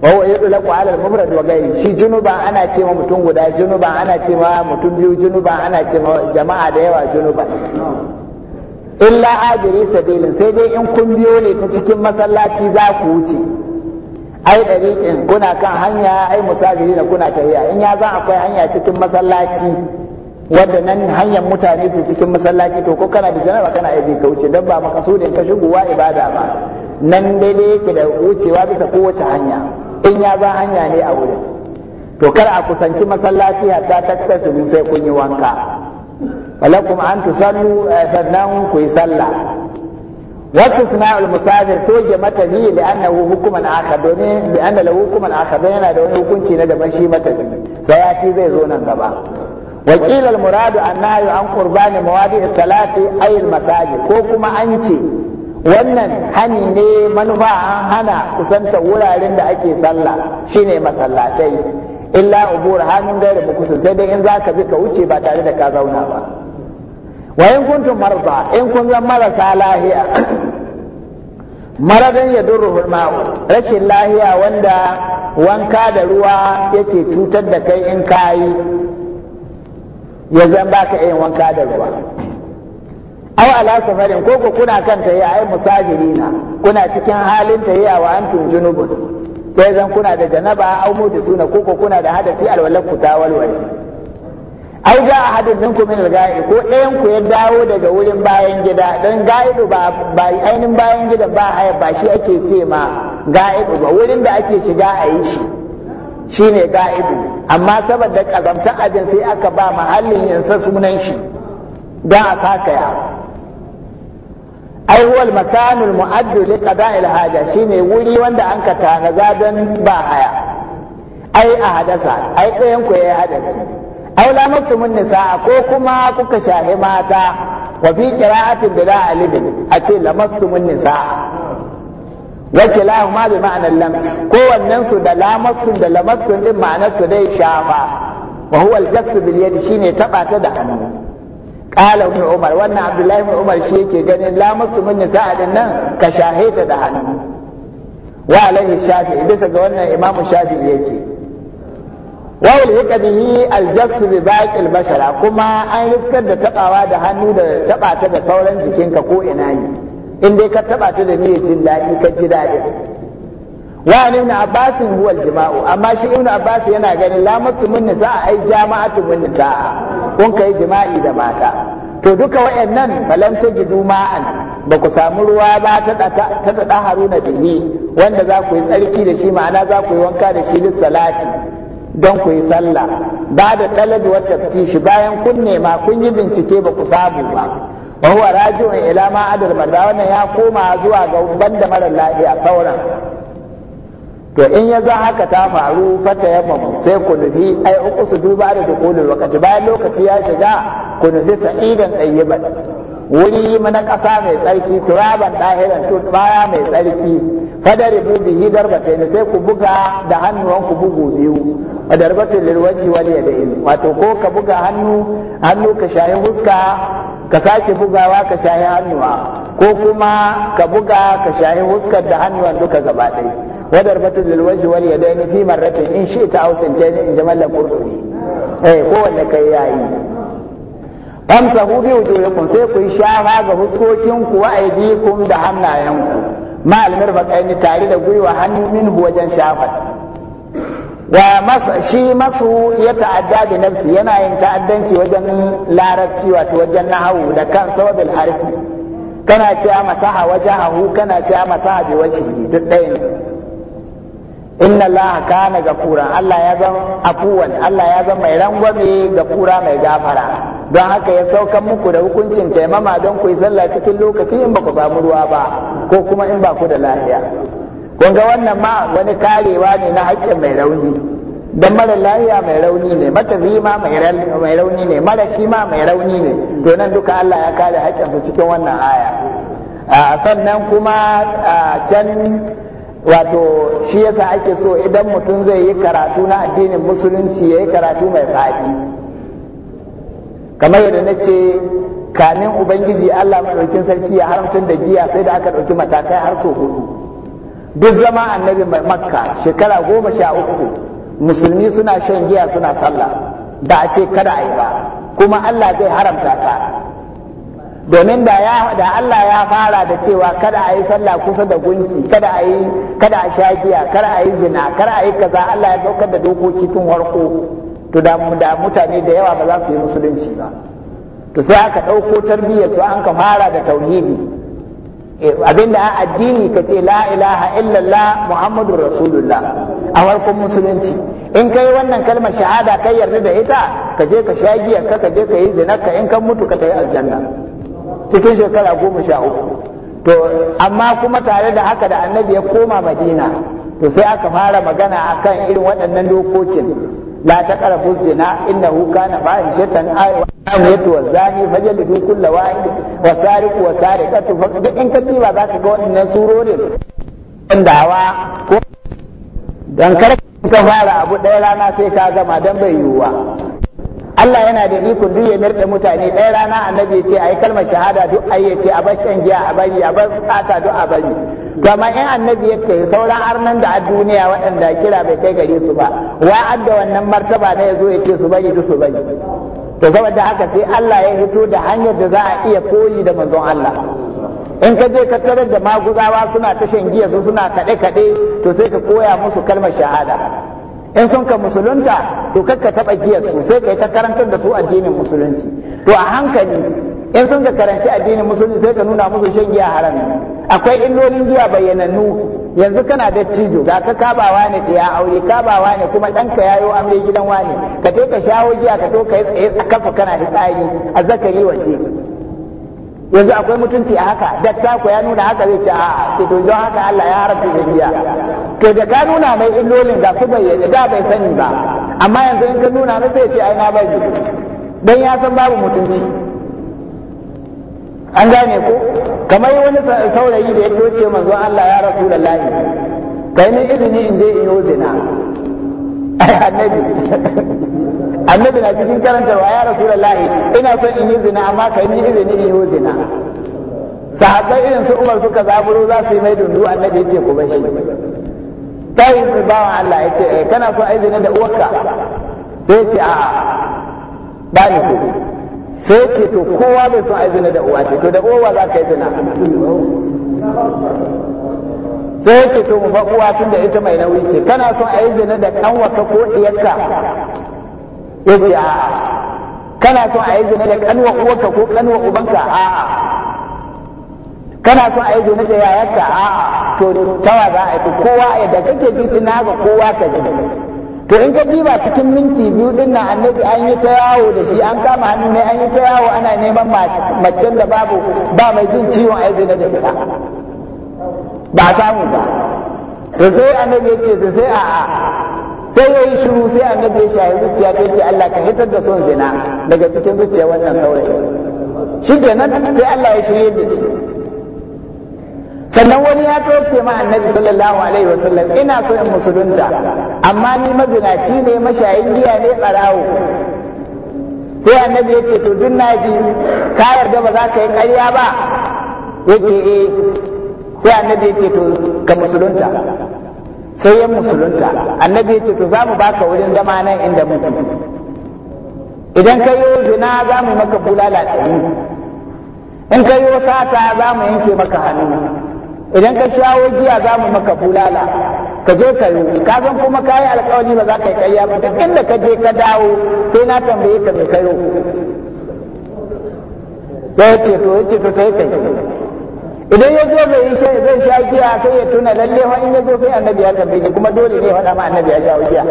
wa wa yadu ala alal mufrad wa gairi shi junuba ana ce ma mutum guda junuba ana ce ma mutum biyu junuba ana ce ma jama'a da yawa junuba illa ajiri sabilin sai dai in kun biyo ne ta cikin masallaci za ku wuce ai dariƙin kuna kan hanya ai musafiri na kuna tafiya in ya za akwai hanya cikin masallaci wadda nan hanyar mutane su cikin masallaci to ko kana da janaba kana iya ka wuce dan ba da ka shigowa ibada ba nan daidai yake da wucewa bisa kowace hanya in ya ba hanya ne a wurin to kar a kusanci masallaci hatta takkasi sai kun yi wanka walakum an tusallu eh, sannan ku yi sallah واستثناء المسافر توجه متفي لأنه حكما آخر دوني لأن له حكما آخر دوني أنا دوني حكم شيء sai ya متفي zai zo nan gaba وقيل المراد النهي عن قربان مواضع الصلاة أي المساجد كوكما أنتي wannan hani ne manufa an hana kusanta wuraren da ake sallah shine masallatai illa ubur hannun gairi kusa, sai dai in zaka bi ka wuce ba tare da ka zauna ba wa in kuntum marda in kun zan marasa lahiya maradan ya durruhul rashin lahiya wanda wanka da ruwa yake cutar da kai in kayi ya zan baka yin wanka da ruwa aw ala safarin ko ku kuna kan tayi ai na kuna cikin halin ta yi wa antum junubun sai zan kuna da janaba aw suna, ko ko kuna da hadasi alwalak ku ta walwali aw ja ahadun minkum min alga'i ko ɗayan ku ya dawo daga wurin bayan gida dan ga'idu ba ba ainin bayan gida ba haya ba shi ake ce ma ga'idu ba wurin da ake shiga ayi shi Shi ne ga'ibu amma saboda kazamtar abin sai aka ba mahallin yansa sunan shi don a sakaya ai huwal makanul mu'addu li qada'il haja shine wuri wanda an ka tanaza don ba haya ai a hadasa ai ɗayan ku yayi hadasi aw la mutumun nisaa ko kuma kuka shahi mata wa fi qira'atin bila alibin a ce lamastumun nisa wacce lahu ma bi ma'anar lams kowannen su da lamastun da lamastun din ma'anar su shafa wa huwa al-jasr bil yadi da hannu qala umar wannan abdullahi umar shi yake ganin lamastu min sa'adin nan ka shahita da hannu wa ga wannan imamu shafi'i yake وألحق به الجس بباقي البشرة كما an رزقت da tabawa da hannu da taba da sauran jikinka ko ne in dai ka taba ta da niyyar jin daɗi ka ji daɗi. wa ibn abbas huwa jima'u amma shi ibn abbas yana ganin la mutumin nisa ai jama'atu min nisa kun kai jima'i da mata to duka wayannan falam tajidu ma'an ba ku samu ruwa ba ta ta da haruna bihi wanda za ku yi tsarki da shi ma'ana za ku yi wanka da shi salati don ku yi sallah ba da talabi wa taftishi bayan kun nema kun yi bincike ba ku samu ba wa huwa in ila ma adal marda wannan ya koma zuwa ga da marar lafiya sauran to in ya za haka ta faru fata mamu sai ku nufi ai uku su duba da dukulul wakati bayan lokaci ya shiga ku nufi sa'idan ɗayyibar wuri na ƙasa mai tsarki turaban ɗahiran tun baya mai tsarki fadari bubi hidar darbata ne sai ku buga da hannuwan ku bugu biyu a darbatin lirwaji wani da ilmi wato ko ka buga hannu hannu ka shayi huska ka sake bugawa ka shayi hannuwa ko kuma ka buga ka shayi huskar da hannuwan duka gaba ɗaya wa batun lilwaji wani ya daini fi marratin in shi ta hausin ta in jamallar kurkuri eh kowanne kai yayi famsahu bi wujuhikum sai ku shafa ga huskokin ku wa aydikum da hannayenku ma almirfaqaini tare da gwiwa hannu minhu wajen shafa wa mas shi masu ya ta'adda da nafsi yana yin ta'addanci wajen larabci wato wajen nahawu da kan sababil harfi kana ce masaha wajahu kana ce masaha bi wajhi duk ɗaya ne inna allaha kana gafura Allah ya zan afuwan Allah ya zan mai rangwame gafura mai gafara don haka ya saukan muku da hukuncin taimama don ku yi sallah cikin lokaci in ba ku samu ruwa ba ko kuma in ba ku da lafiya kun ga wannan ma wani karewa ne na haƙƙin mai rauni don mara lafiya mai rauni ne mata ma mai rauni ne mara shi ma mai rauni ne to nan duka Allah ya kare hakkin haƙƙinsu cikin wannan aya ah, sannan kuma ah, can wato shi yasa ake so idan mutum zai yi karatu na addinin musulunci ya yi karatu mai faɗi kamar yadda na ce kamin ubangiji allah maɗaukin sarki ya haramtun da giya sai da aka ɗauki matakai har so hudu duk zama annabi mai makka shekara goma sha uku musulmi suna shan giya suna sallah da a ce kada a yi ba kuma allah zai haramta ka domin da ya da Allah ya fara da cewa kada a yi sallah kusa da gunki kada a yi kada a sha giya kada a yi zina kada a yi kaza Allah ya saukar da dokoki tun warko to da da mutane da yawa ba za su yi musulunci ba to sai aka ɗauko tarbiyyarsu su an ka fara da tauhidi eh, abinda a addini ka ce la ilaha illallah muhammadur rasulullah a farkon musulunci in kai wannan kalmar shahada kai yarda da ita ka je ka sha giya ka je ka yi zina ka in kan mutu ka tayi aljanna cikin shekara goma sha uku to amma kuma tare da haka da annabi ya koma madina to sai aka fara magana akan irin waɗannan dokokin la taqrabu zina innahu kana fahishatan ay wa zani fajlidu kull wahid wa sariqu wa sariqatu duk in ka za zaka ga waɗannan surorin dawa ko dan kar ka fara abu ɗaya rana sai ka gama dan bai yiwuwa Allah yana da ikon duk ya mirɗe mutane ɗaya rana annabi ya ce a yi kalmar shahada duk a ya ce a bar shan giya a bari a bar tsata duk a bari gama in annabi ya ce sauran arnan da a duniya waɗanda kira bai kai gare su ba wa adda wannan martaba na ya zo ya ce su bari duk su bari to saboda haka sai Allah ya hito da hanyar da za a iya koyi da manzon Allah in ka je ka tarar da maguzawa suna ta shan giya su suna kaɗe-kaɗe to sai ka koya musu kalmar shahada in sun ka musulunta to kakka taɓa giyar su sai kai ta karantar da su addinin musulunci to a hankali in sun ka karanci addinin musulunci sai ka nuna musu shan giya haram akwai illolin giya bayyanannu yanzu kana da cijo ga ka kabawa ne ɗaya aure kabawa ne kuma ɗanka yayo amre gidan wane ka je ka shawo giya ka to ka yi kafa kasu kana tsari a zakari waje yanzu akwai mutunci a haka datta ku ya nuna haka zai ce a ce to don haka Allah ya haramta shan to da ka nuna mai illolin da su bai yadda da bai sani ba amma yanzu in ka nuna mai zai ce ai na bari dan ya san babu mutunci an gane ko kamar wani saurayi da ya toce manzo Allah ya rasulullahi kai ni izini in je in yi zina ai annabi annabi na cikin karantarwa ya rasulullahi ina son in yi zina amma ka yi izini in yi zina sahabbai irin su umar suka zaburo za su yi mai dundu annabi ya ce ku bar shi Ta yi bawan Allah ya ce eh, kana so a zina da uwarka sai ce a'a ba ni so sai ce to kowa bai son a zina da uwa ce to da uwa za ka yi zina sai ce to mu ba uwa tun da ita mai nauyi ce kana son a zina da kanwarka ko iyakka ya ce a kana son a yi zina da kanwa uwarka ko kanwa ubanka a kana son a yi zina da yayarka a to tawa za a yi kowa yadda kake ji na ga kowa ka ji to in ka diba cikin minti biyu din nan annabi an yi ta yawo da shi an kama hannu ne an yi ta yawo ana neman macen da babu ba mai jin ciwon a yi zina da ita ba samu ba da sai annabi ya ce da sai a'a sai ya yi shiru sai annabi ya shahi zuciya ta ce Allah ka hitar da son zina daga cikin zuciya wannan saurayi shi kenan sai Allah ya shirye da shi sannan wani ya ce ma annabi sallallahu alaihi wasallam ina so in musulunta amma ni mazinaci ne mashayin giya ne barawo sai annabi ya ce to duk naji ka yarda ba za ka yi karya ba yake ce eh sai annabi ya ce to ka musulunta sai yan musulunta annabi ya ce to za mu baka wurin zama nan inda muke idan ka yi zina za mu maka bulala ɗari in ka yi sata za mu yanke maka hannu idan ka shawo giya za mu maka bulala ka je ka yi ka san kuma ka yi alkawari ba za ka yi ƙarya ba duk inda ka je ka dawo sai na tambaye ka mai kayo sai ce to ya ce to kai kai idan ya zo zai yi zai sha giya sai ya tuna lalle fa in ya zo sai annabi ya tambaye shi kuma dole ne faɗa ma annabi ya sha giya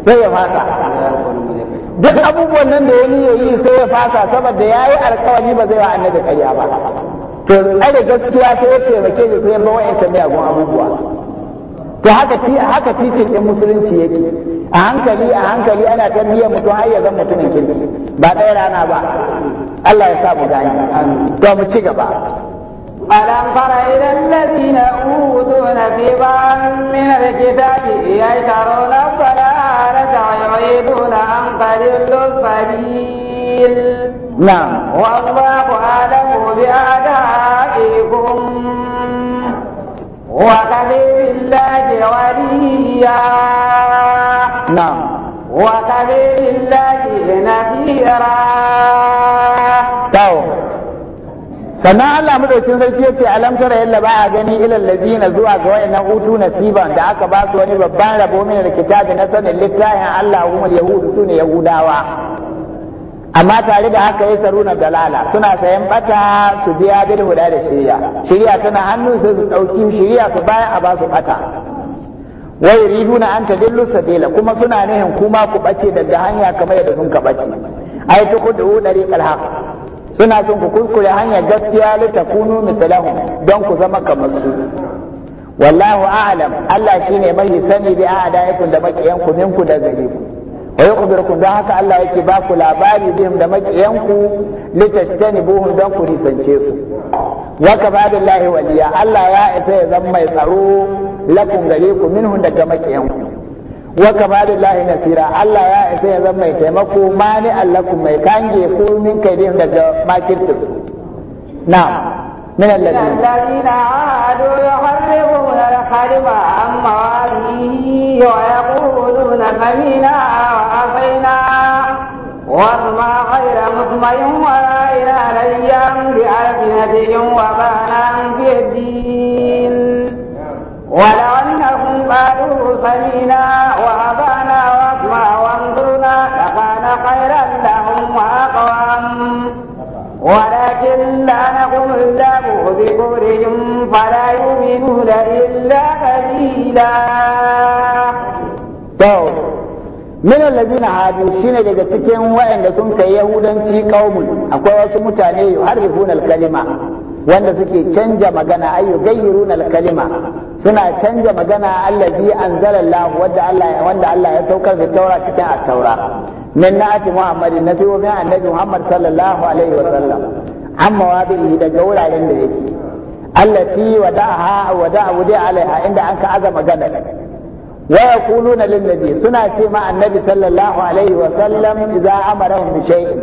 sai ya fasa duk abubuwan nan da ya yayi yi sai ya fasa saboda yayi yi alkawari ba zai wa annabi ƙarya ba to ai gaskiya sai ya taimake shi sai ya bawa ya mai gun abubuwa to haka haka titin din musulunci yake a hankali a hankali ana tambiyar mutum har ya zama mutumin kirki ba ɗaya rana ba Allah ya sa mu gani to mu ci gaba ألم تر إلى الذين أوتوا نصيبا من الكتاب يشترون الضلالة ويريدون أن تضلوا السبيل نعم والله أعلم بأعدائكم وكفي بالله وليا نعم وكفي بالله نذيرا sannan Allah madaukin sarki yace alam tara yalla ba a gani ilal ladina zuwa ga wayannan hutu nasiban da aka ba su wani babban rabo min alkitabi na sanin littafin Allah kuma yahudu sune yahudawa amma tare da haka ya taruna dalala suna sayan bata su biya bil huda da shirya shirya tana hannun sai su dauki shirya su bayan a ba su bata wa yuriduna an tadillu sabila kuma suna nihin kuma ku bace daga hanya kamar yadda sun ka bace ai tukudu dariqal haqq suna son ku kuskure hanya gaskiya li takunu mithlahum don ku zama kamar su wallahu a'lam Allah shine mai sani bi a'daikum da makiyanku minku da gare ku wa yukhbirukum don haka Allah yake ba ku labari bihim da makiyanku litattanibuhum don ku risance su wa ka billahi waliya Allah ya isa ya zama mai tsaro lakum gare ku minhum daga makiyanku wa kama da lahi nasira Allah ya isa ya zama mai taimako ma ni allakum mai kange ko min kai din daga makircin su na من الذين عادوا da الحرم عن مواليه yi فمنا وعفينا وما غير مصمي ولا إلى ليا بألسنتهم وبانا في الدين ولو أنهم قالوا سمينا وأطعنا واسمع وانظرنا لكان خيرا لهم ولكن الله بكفرهم فلا يؤمنون قليلا hadu shine daga cikin waɗanda sun kai yahudanci qaumun akwai wasu mutane yuharrifuna kalima wanda suke canja magana ay yughayyiruna al-kalima suna canja magana allazi anzalallahu wanda Allah wanda Allah ya saukar da taura cikin at-taura min na'ati muhammadin nafi wa min annabi muhammad sallallahu alaihi wa sallam amma wadihi daga wuraren da yake allati wada'aha wada'a wudi alaiha inda an ka aza magana wa yaquluna lin nabi suna ce ma annabi sallallahu alaihi wa sallam idza amarahum bi shay'in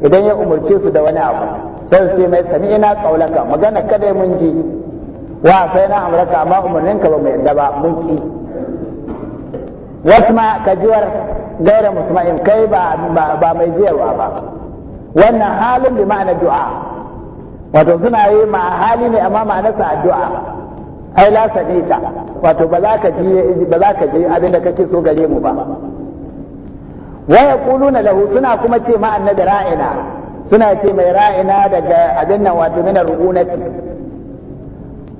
idan ya umurce su da wani abu sai ce mai sami ina kaulaka magana kada mun ji wa sai na amurka amma umarninka ba mu yadda ba mun ki wasma kajiwar gaira musma'in kai ba mai jiyarwa ba wannan halin bi ma'ana du'a wato suna yi ma hali ne amma sa addu'a ai la sanita wato ba za ka ji ba za ka ji abinda kake so gare mu ba wa yaquluna lahu suna kuma ce ma annabi ra'ina suna ce mai ra'ina daga abin nan wato min rubunati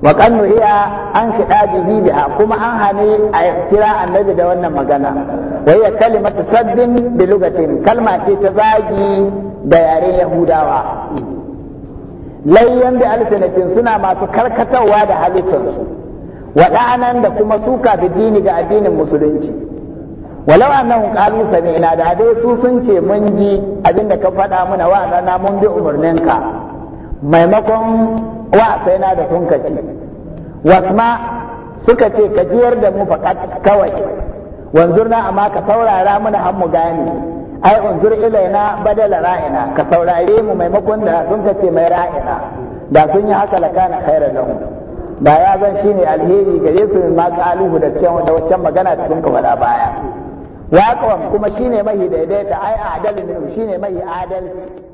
wa qannu iya an kida bihi biha kuma an hane a kira annabi da wannan magana wa ya kalimatu saddin bi lugatin kalma ce ta zagi da yaren yahudawa layyan bi alsinatin suna masu karkatawa da halittarsu wa da kuma suka dini ga addinin musulunci walau annahum qalu sami'na da dai su sun ce mun ji abinda ka faɗa mana wa na mun bi umarninka maimakon wa sai na da sun kace wasma suka ce ka jiyar da mu faqat kawai wanzurna amma ka saurara mana har mu gane ai unzur ilaina badala ra'ina ka saurare mu maimakon da sun kace mai ra'ina da sun yi haka lakana khairan lahum ba ya zan shine alheri gare su ma qaluhu da wancan magana da sun ka faɗa baya wa kuma shine mahi daidaita ai adalin shine mai adalci